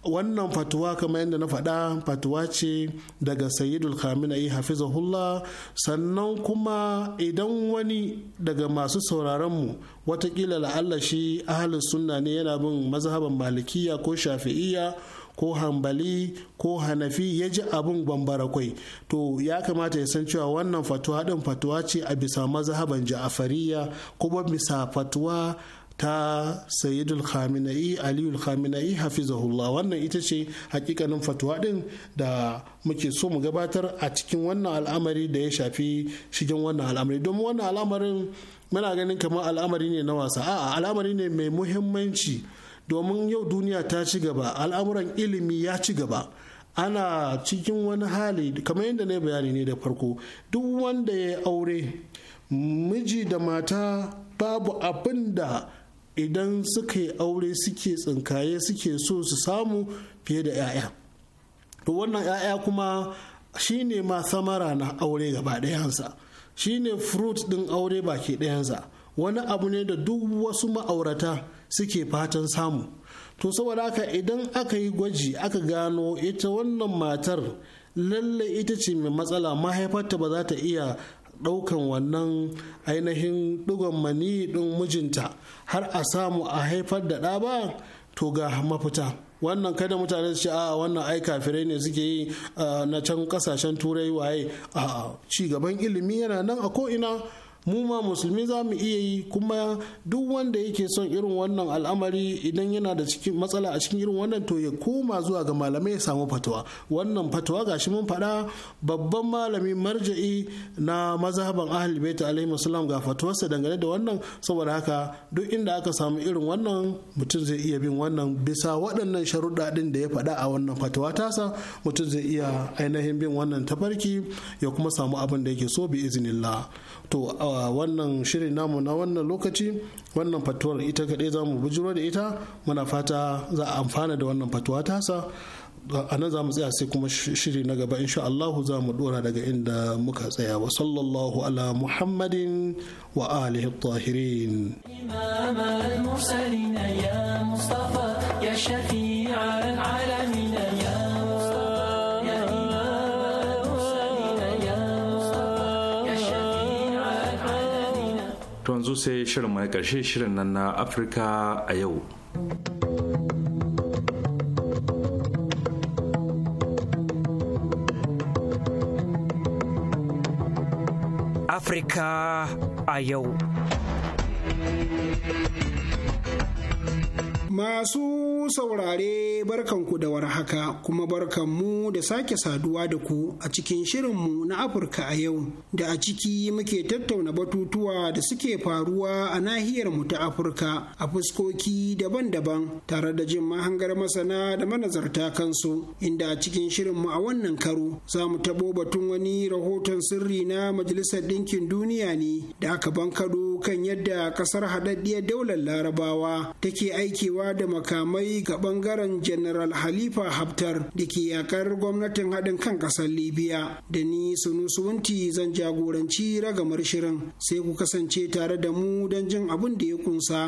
wannan fatuwa kamar yadda na faɗa fatuwa ce daga sayyidul yi hafizahullah sannan kuma idan wani daga masu sauraronmu watakila la'alla shi ahalin sunna ne yana bin mazhaban malikiya ko shafi'iyya ko hambali ko hanafi ya ji abin bambarakwai to ya kamata ya san cewa wannan fatuwa din fatuwa ce a bisa mazhaban ja'afariya kuma bisa fatuwa ta sayyidul khamenei aliyul khamenei hafizahullah wannan ita ce hakikanin fatuwa din da muke so mu gabatar a cikin wannan al'amari da ya shafi shigen wannan al'amari domin wannan al'amarin muna ganin kamar al'amari ne na wasa a'a al'amari ne mai muhimmanci domin yau duniya ta ci gaba al'amuran ilimi ya ci gaba ana cikin wani hali kamar yadda na bayani ne da farko duk wanda ya aure miji da mata babu abin da idan suka yi aure suke tsinkaye suke so su samu fiye da 'ya'ya to wannan 'ya'ya kuma shine ma samara na aure gaba ɗayansa ne fruit ɗin aure baki ɗayansa wani abu ne da duk wasu ma'aurata suke fatan samu to saboda haka idan aka yi gwaji aka gano ita wannan matar lalle ita ce mai matsala mahaifarta ba za ta iya ɗaukan wannan ainihin ɗigon mani ɗin mijinta har a samu a haifar da ɗa ba to ga mafita wannan kada mutane su ce a wannan ai kafirai ne suke yi ah, na can kasashen turai waye a ci gaban ilimi yana nan a ko'ina mu ma musulmi za mu iya yi kuma duk wanda yake son irin wannan al'amari idan yana da cikin matsala a cikin irin wannan to ya koma zuwa ga malamai ya samu fatawa wannan fatawa gashi mun faɗa babban malami marja'i na mazhaban ahli bait alaihi musallam ga dangane da wannan saboda haka duk inda aka samu irin wannan mutum zai iya bin wannan bisa waɗannan sharuɗa ɗin da ya faɗa a wannan fatawa tasa mutum zai iya ainihin bin wannan tafarki ya kuma samu abin da yake so bi iznillah to a wannan shirin namu na wannan lokaci wannan fatuwar ita kaɗai za mu bujiro da ita muna fata za a amfana da wannan fatuwa tasa a nan za mu tsaya sai kuma shiri na gaba insha Allah za mu dora daga inda muka tsaya wa sallallahu ala muhammadin wa alihi tahirin ya ya to yanzu sai shirin mai karshe shirin nan na afirka a yau Afirka a yau. Masu Ku saurare barkanku da warhaka kuma barkanmu da sake saduwa da ku a cikin shirinmu na Afirka a yau da a ciki muke tattauna batutuwa da suke faruwa a nahiyar mu ta Afirka a fuskoki daban-daban tare da jin mahangar masana da manazarta kansu inda a cikin shirinmu a wannan karo za mu tabo batun wani rahoton sirri na Majalisar Dinkin Duniya ne da aka bankado kan yadda kasar haɗaɗɗiyar daular Larabawa take aikewa da makamai yi ga bangaren general halifa haftar da ke yakar gwamnatin haɗin kan ƙasar libya da ni sunu suwunti zan jagoranci ragamar shirin sai ku kasance tare da mu don jin abin da ya kunsa.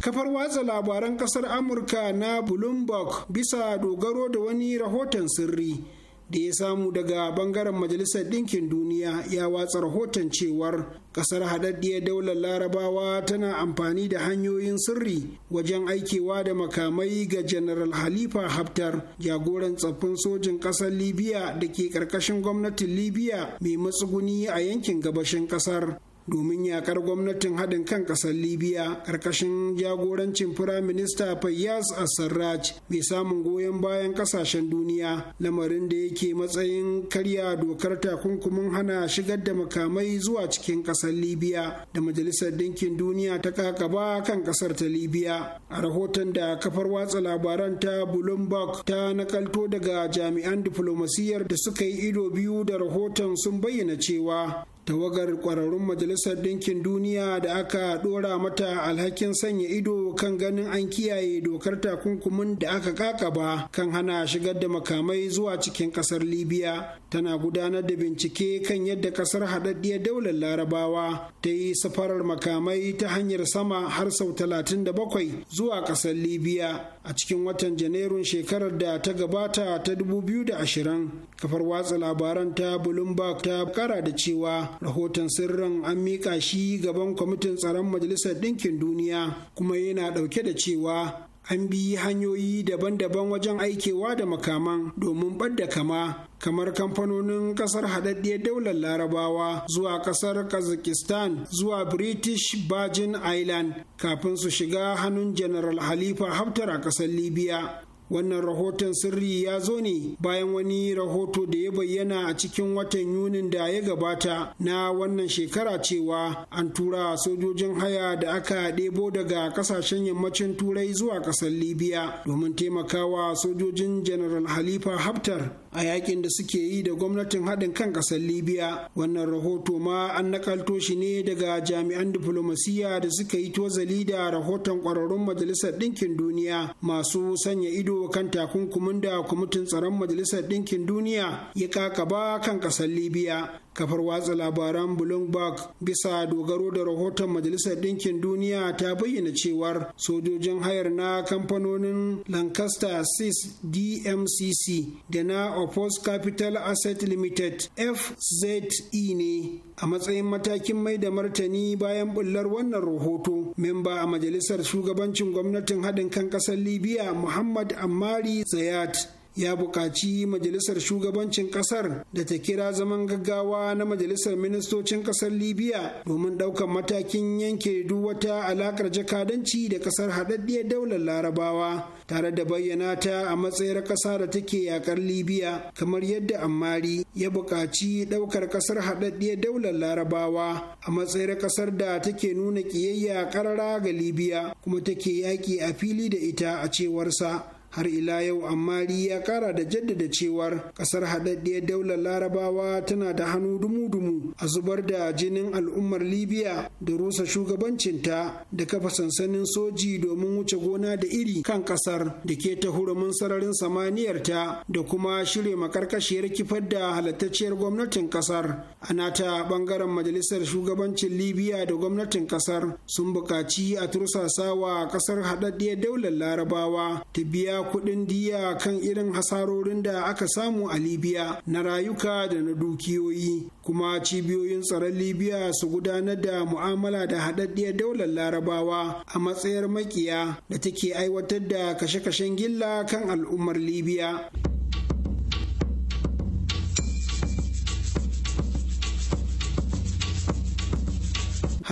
kafar watsa labaran kasar amurka na bloomberg bisa dogaro da wani rahoton sirri da ya samu daga bangaren majalisar ɗinkin duniya ya watsa rahoton cewar ƙasar haɗaɗɗiyar daular larabawa tana amfani da hanyoyin sirri wajen aikewa da makamai ga general halifa haftar jagoran tsaffin sojin ƙasar libya da ke ƙarƙashin gwamnatin libya mai matsuguni a yankin gabashin ƙasar domin yakar gwamnatin haɗin kan ƙasar libya ƙarƙashin jagorancin firaminista fayyaz assarraj mai samun goyon bayan ƙasashen duniya lamarin da yake matsayin karya dokar takunkumin hana shigar da makamai zuwa cikin ƙasar libya da majalisar Dinkin duniya ta kakaba kan ƙasar ta libya a rahoton da kafar watsa labaran ta bloomberg ta nakalto daga jami'an diflomasiyyar da suka yi ido biyu da rahoton sun bayyana cewa tawagar kwararrun majalisar ɗinkin duniya da aka ɗora mata alhakin sanya ido kan ganin an kiyaye dokar takunkumin da aka kakaba kan hana shigar da makamai zuwa cikin ƙasar libya tana gudanar da bincike kan yadda ƙasar haɗaɗɗiyar daular larabawa ta yi safarar makamai ta hanyar sama har sau 37 zuwa ƙasar libya a cikin watan janairun shekarar da ta gabata ta 2020 kafar watsa labaran ta bloomberg ta kara da cewa rahoton sirrin an miƙa shi gaban kwamitin tsaron majalisar ɗinkin duniya kuma yana ɗauke da cewa an bi hanyoyi daban-daban wajen aikewa da makaman domin ɓadda kama kamar kamfanonin kasar haɗaɗɗiyar daular larabawa zuwa ƙasar kazakistan zuwa british virgin island kafin su shiga hannun general halifa haftar a ƙasar libya wannan rahoton sirri ya zo ne bayan wani rahoto da ya bayyana a cikin watan yunin da ya gabata na wannan shekara cewa an tura sojojin haya da aka ɗebo daga ƙasashen yammacin turai zuwa ƙasar libya domin taimakawa sojojin general halifa haftar a yakin da suke yi da gwamnatin haɗin kan ƙasar libya wannan rahoto ma an nakalto shi ne daga jami'an diflomasiyya da suka yi tozali da rahoton ƙwararrun majalisar ɗinkin duniya masu sanya ido kan takunkumin da kwamitin tsaron majalisar ɗinkin duniya ya kakaba kan ƙasar libya kafar watsa labaran bloomberg bisa dogaro da rahoton majalisar ɗinkin duniya ta bayyana cewar sojojin hayar na kamfanonin lancaster sis dmcc da na opus capital asset limited fze ne a matsayin matakin mai da martani bayan bullar wannan rahoto memba a majalisar shugabancin gwamnatin haɗin kan ƙasar libya muhammad ammari zayat ya buƙaci majalisar shugabancin ƙasar da ta kira zaman gaggawa na majalisar ministocin ƙasar libya domin ɗaukar matakin yanke duk wata alaƙar jakadanci da ƙasar haɗaɗɗiyar daular larabawa tare da bayyana ta a matsayar ƙasa da take yaƙar libya kamar yadda ammari ya buƙaci ɗaukar ƙasar haɗaɗɗiyar daular larabawa a matsayar ƙasar da take nuna ƙiyayya ƙarara ga libya kuma take yaƙi a fili da ita a cewarsa har ila yau amma ri ya kara da jaddada cewar kasar haɗaɗɗiyar daular larabawa tana da hannu dumu-dumu a zubar da jinin al'ummar libya da rusa shugabancinta da kafa sansanin soji domin wuce gona da iri kan kasar da ke ta hurumin sararin samaniyarta da kuma shirya makarkashiyar kifar da halattacciyar gwamnatin kasar a nata bangaren majalisar shugabancin libya da gwamnatin kasar sun buƙaci a tursasawa kasar haɗaɗɗiyar daular larabawa ta biya kudin kuɗin diya kan irin hasarorin da aka samu a libya na rayuka da na dukiyoyi kuma cibiyoyin tsaron libya su gudanar da mu'amala da haɗaɗɗiyar daular larabawa a matsayar makiya da take aiwatar da kashe-kashen gilla kan al'ummar libya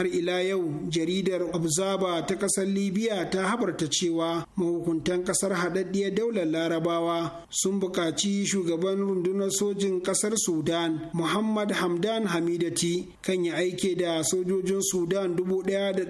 har ila yau jaridar observer ta kasar libya ta habarta cewa mahukuntan kasar haɗaɗɗiyar daular larabawa sun buƙaci shugaban rundunar sojin kasar sudan muhammad hamdan hamidati kan ya aike da sojojin sudan 1,200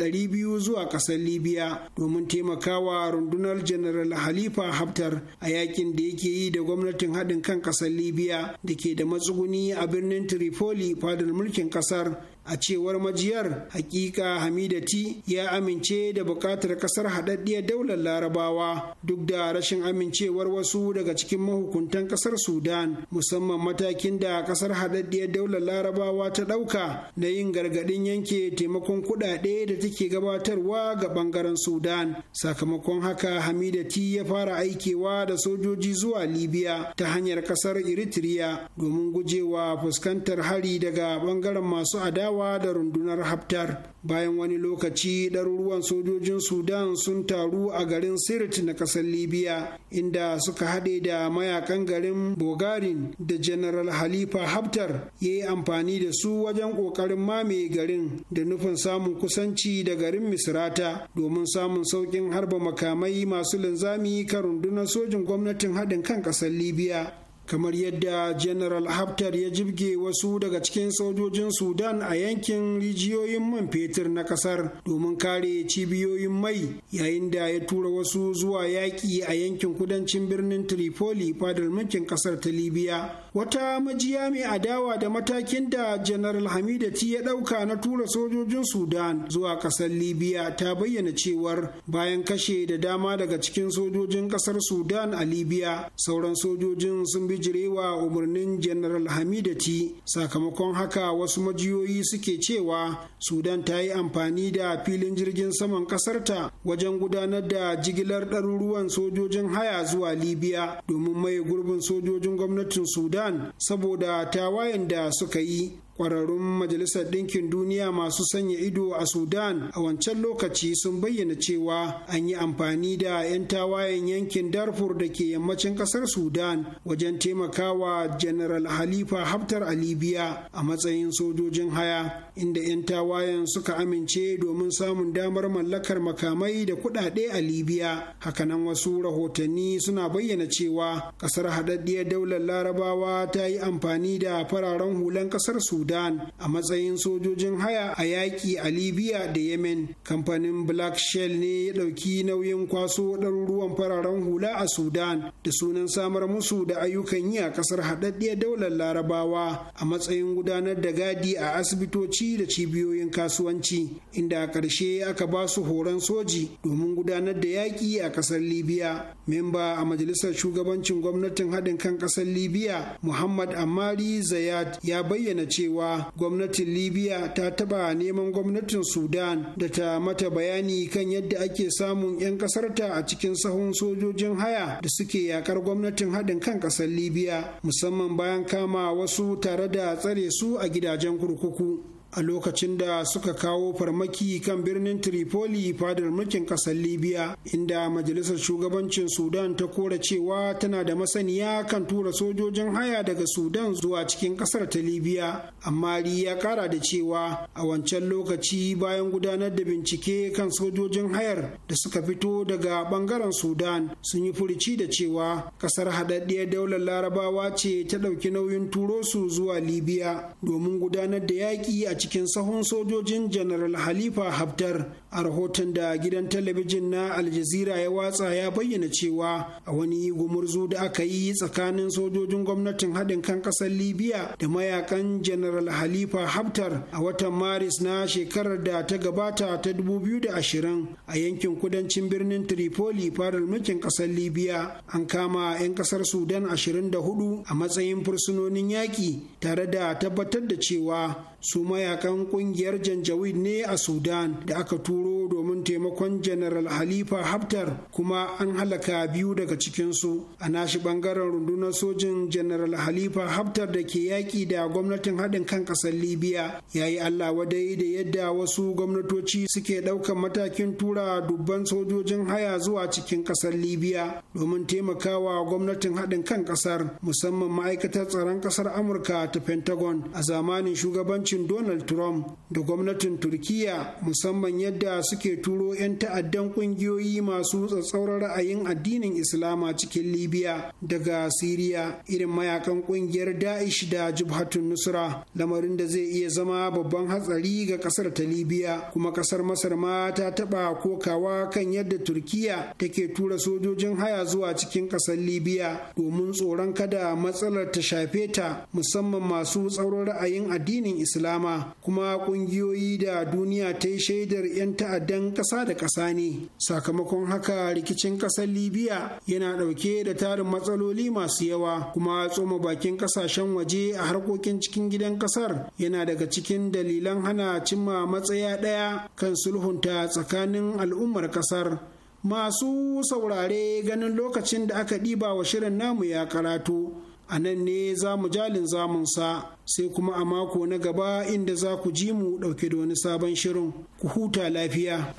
zuwa kasar libya domin taimakawa rundunar general halifa haftar a yakin da yake yi da gwamnatin haɗin kan kasar libya da ke da matsuguni a birnin tripoli fadar mulkin kasar a cewar majiyar hakika hamidati ya amince da buƙatar ƙasar haɗaɗɗiyar daular larabawa duk da rashin amincewar wasu daga cikin mahukuntan ƙasar sudan musamman matakin da ƙasar haɗaɗɗiyar daular larabawa ta ɗauka na yin gargaɗin yanke taimakon kuɗaɗe da take gabatarwa ga ɓangaren sudan sakamakon haka hamidati ya fara aikewa da sojoji zuwa libya ta hanyar ƙasar eritrea domin gujewa fuskantar hari daga ɓangaren masu adawa rawa da rundunar haftar bayan wani lokaci ɗaruruwan sojojin sudan sun taru a garin sirt na ƙasar libya inda suka haɗe da mayakan garin bogarin da general halifa haftar ya yi amfani da su wajen ƙoƙarin mame garin da nufin samun kusanci da garin misrata domin samun sauƙin harba makamai masu linzami kan rundunar sojin gwamnatin haɗin kan ƙasar libya kamar yadda general haftar ya jibge wasu daga cikin sojojin sudan a yankin rijiyoyin man fetur na kasar domin kare cibiyoyin mai yayin da ya tura wasu zuwa yaƙi a yankin kudancin birnin tripoli fadar mulkin kasar ta libya wata majiya mai adawa da matakin da janaral hamidati ya ɗauka na tura sojojin sudan zuwa ƙasar libya ta bayyana cewar bayan kashe da dama daga cikin sojojin ƙasar sudan a libya sauran sojojin sun bijirewa umarnin janaral hamidati sakamakon haka wasu majiyoyi suke cewa sudan ta yi amfani da filin jirgin saman ƙasarta wajen gudanar da jigilar ɗaruruwan sojojin haya zuwa libya domin maye gurbin sojojin gwamnatin sudan sudan saboda tawayen da suka yi kwararrun majalisar ɗinkin duniya masu sanya ido a sudan a wancan lokaci sun bayyana cewa an yi amfani da 'yan tawayen yankin darfur da ke yammacin ƙasar sudan wajen taimakawa general halifa haftar a libya a matsayin sojojin haya inda 'yan tawayen suka amince domin samun damar mallakar makamai da kuɗaɗe a libya hakanan wasu rahotanni suna bayyana cewa ƙasar haɗaɗɗiyar daular larabawa ta yi amfani da fararen hulan ƙasar sudan sudan a matsayin sojojin haya a yaƙi a libya da yemen kamfanin black shell ne ya ɗauki nauyin kwaso ɗaruruwan fararen hula a sudan da sunan samar musu da ayyukan yi a ƙasar haɗaɗɗiyar daular larabawa a matsayin gudanar da gadi a asibitoci da cibiyoyin kasuwanci inda a ƙarshe aka ba su horon soji domin gudanar da yaƙi a ƙasar libya memba a majalisar shugabancin gwamnatin haɗin kan ƙasar libya muhammad amari zayat ya bayyana cewa cewa gwamnatin libya ta taba neman gwamnatin sudan da ta mata bayani kan yadda ake samun 'yan kasarta a cikin sahun sojojin haya da suke yakar gwamnatin haɗin kan ƙasar libya musamman bayan kama wasu tare da tsare su a gidajen kurkuku a lokacin da suka kawo farmaki kan birnin Tripoli fadar mulkin ƙasar Libya inda majalisar shugabancin Sudan ta kora cewa tana da masaniya kan tura sojojin haya daga Sudan zuwa cikin ƙasar ta Libya amma ya ƙara da cewa a wancan lokaci bayan gudanar da bincike kan sojojin hayar da suka fito daga ɓangaren Sudan sun yi furici da cewa ƙasar haɗaɗɗiyar daular Larabawa ce ta ɗauki nauyin turo su zuwa Libya domin gudanar da yaƙi a cikin sahun sojojin General Halifa Haftar a rahoton da gidan talabijin na Aljazira ya watsa ya bayyana cewa a wani gumurzu da aka yi tsakanin sojojin gwamnatin haɗin kan ƙasar Libya da mayakan General Halifa Haftar a watan Maris na shekarar da ta gabata ta 2020 a yankin kudancin birnin Tripoli farar mulkin ƙasar Libya an kama 'yan ƙasar Sudan 24 a matsayin fursunonin yaƙi tare da tabbatar da cewa su mayakan kungiyar janjawid ne a sudan da aka turo domin taimakon janaral halifa haftar kuma an halaka biyu daga cikinsu a nashi bangaren rundunar sojin janaral halifa haftar da ke yaƙi da gwamnatin haɗin kan ƙasar libya ya yi allah wadai da yadda wasu gwamnatoci suke ɗaukan matakin tura dubban sojojin haya zuwa cikin ƙasar libya domin taimakawa gwamnatin haɗin kan ƙasar musamman ma'aikatar tsaron ƙasar amurka ta pentagon a zamanin shugabanci shugabancin Donald Trump da gwamnatin Turkiyya musamman yadda suke turo 'yan ta'addan ƙungiyoyi masu tsatsauran ra'ayin addinin Islama cikin Libya daga Siriya irin mayakan ƙungiyar Da'ish da Jubhatun Nusra lamarin da zai iya zama babban hatsari ga ƙasar ta Libya kuma ƙasar Masar ma ta taɓa kokawa kan yadda Turkiyya take tura sojojin haya zuwa cikin ƙasar Libya domin tsoron kada matsalar ta shafe ta musamman masu tsauran ra'ayin addinin Islama islama kuma kungiyoyi da duniya ta yi shaidar 'yan ta'addan ƙasa da ƙasa ne sakamakon haka rikicin ƙasar libya yana ɗauke da tarin matsaloli masu yawa kuma tsoma bakin ƙasashen waje a harkokin cikin gidan ƙasar yana daga cikin dalilan hana cimma matsaya ɗaya kan sulhunta tsakanin al'ummar ƙasar masu saurare ganin lokacin da aka ɗiba wa shirin namu ya karatu a nan ne za mu jalin zamunsa sai kuma a mako na gaba inda za ku ji mu ɗauke da wani sabon shirin ku huta lafiya.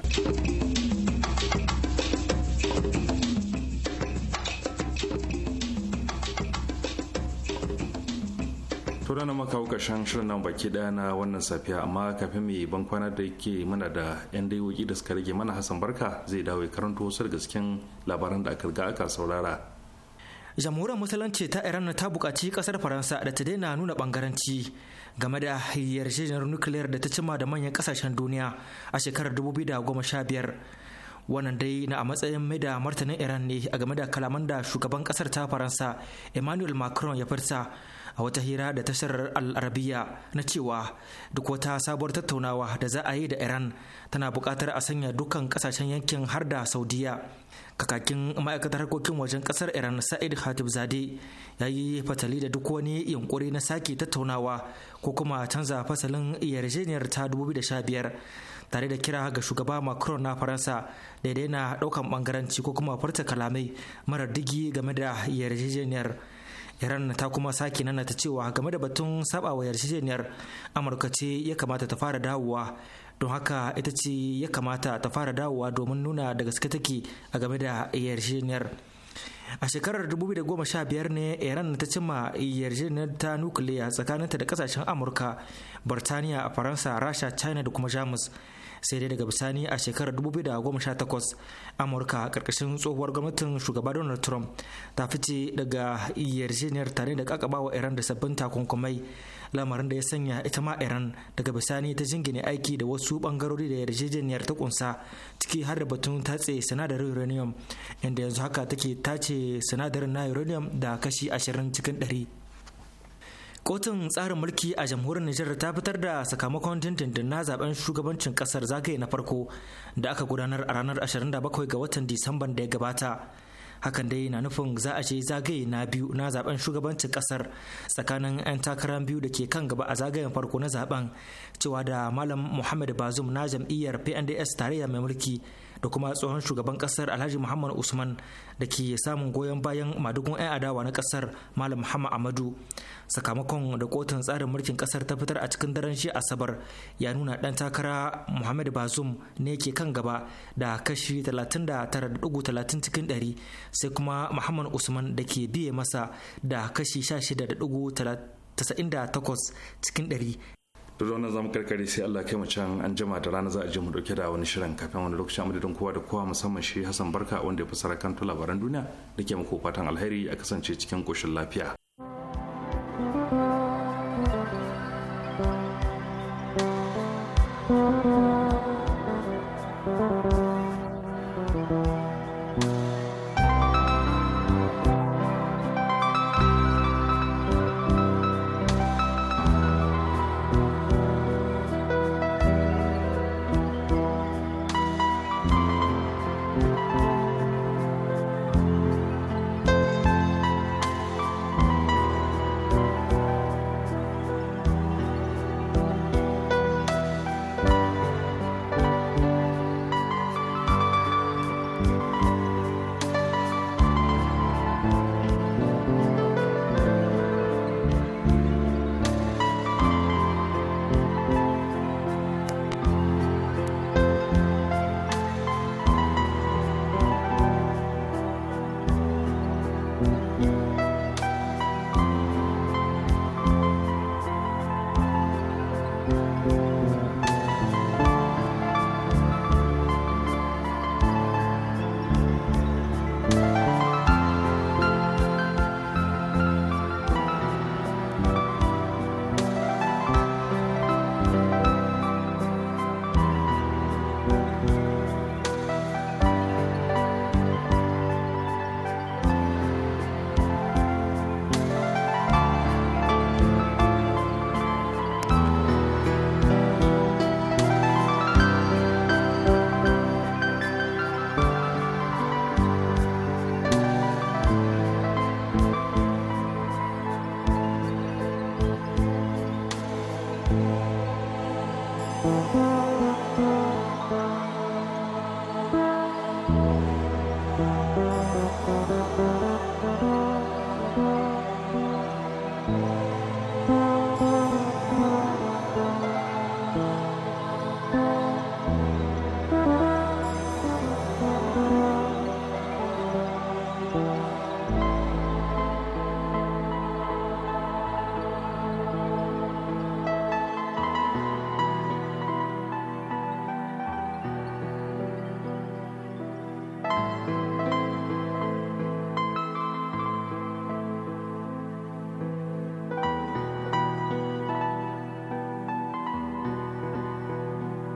tura na maka ƙarshen shirin nan baki ɗaya na wannan safiya amma kafin mai ban kwana da yake mana da 'yan daiwoki da suka rage mana hassan barka zai dawo karanto wasu daga cikin labaran da aka riga aka saurara jamhuriyar musulunci ta iran ta bukaci kasar faransa da ta daina nuna bangaranci game da yarjejeniyar nukiliyar da ta cima da manyan ƙasashen duniya a shekarar dubu biyar. wannan dai na a matsayin mai da martanin iran ne a game da kalaman da shugaban ƙasar ta faransa emmanuel macron ya furta a wata hira da tashar al'arabiya na cewa duk wata sabuwar tattaunawa da za a yi da iran tana buƙatar a sanya dukkan kasashen yankin har da saudiya kakakin ma'aikatar harkokin wajen kasar iran sa'id hatib zade ya yi fatali da duk wani yunkuri na sake tattaunawa ko kuma canza fasalin yarjejeniyar ta 2015 tare da kira ga shugaba macron na faransa da daina daukan bangaranci ko kuma furta kalamai marar digi game da yarjejeniyar iran ta kuma sake nana ta cewa game da batun sabawa yarjejeniyar amurka ce ya kamata ta fara dawowa don haka ita ce ya kamata ta fara dawowa domin nuna da gaske take a game da yarjejeniyar a shekarar 2015 ne iran ta cimma yarjejeniyar ta nukiliya tsakaninta da kasashen amurka birtaniya faransa rasha china da kuma jamus sai dai daga bisani a shekarar 2018 amurka karkashin tsohuwar gwamnatin shugaba donald trump ta fice daga yarjejeniyar tare da kakabawa iran da sabbin takunkumai lamarin da ya sanya ita ma iran daga bisani ta jingine aiki da wasu bangarori da yarjejeniyar ta kunsa ciki har da batun tatse sinadarin uranium inda yanzu haka take tace sinadarin na uranium da kashi ashirin cikin ɗari kotun tsarin mulki a jamhuriyar nijar ta fitar da sakamakon dindindin na zaben shugabancin kasar zagaye na farko da aka gudanar a ranar 27 ga watan disamban da ya gabata hakan dai na nufin za a je zagaye na biyu na zaben shugabancin kasar tsakanin 'yan takarar biyu da ke kan gaba a zagayen farko na zaben cewa da malam muhammad bazum na jam'iyyar pnds tarayya mai mulki da kuma tsohon shugaban kasar alhaji muhammad usman da ke samun goyon bayan madugun 'yan adawa na kasar malam muhammad amadu sakamakon da kotun tsarin mulkin kasar ta fitar a cikin daren shi asabar ya nuna dan takara muhammad bazum ne ke kan gaba da kashi 39.30 cikin 100 sai kuma muhammad usman da ke biye masa da kashi 16.98 cikin 100 to da wannan zamu karkare sai Allah kai mu can an jima da rana za a je mu dauke da wani shirin kafin wani lokacin don kowa da kowa musamman shi Hassan Barka wanda ya fassara kan labaran duniya da ke muku fatan alheri a kasance cikin koshin lafiya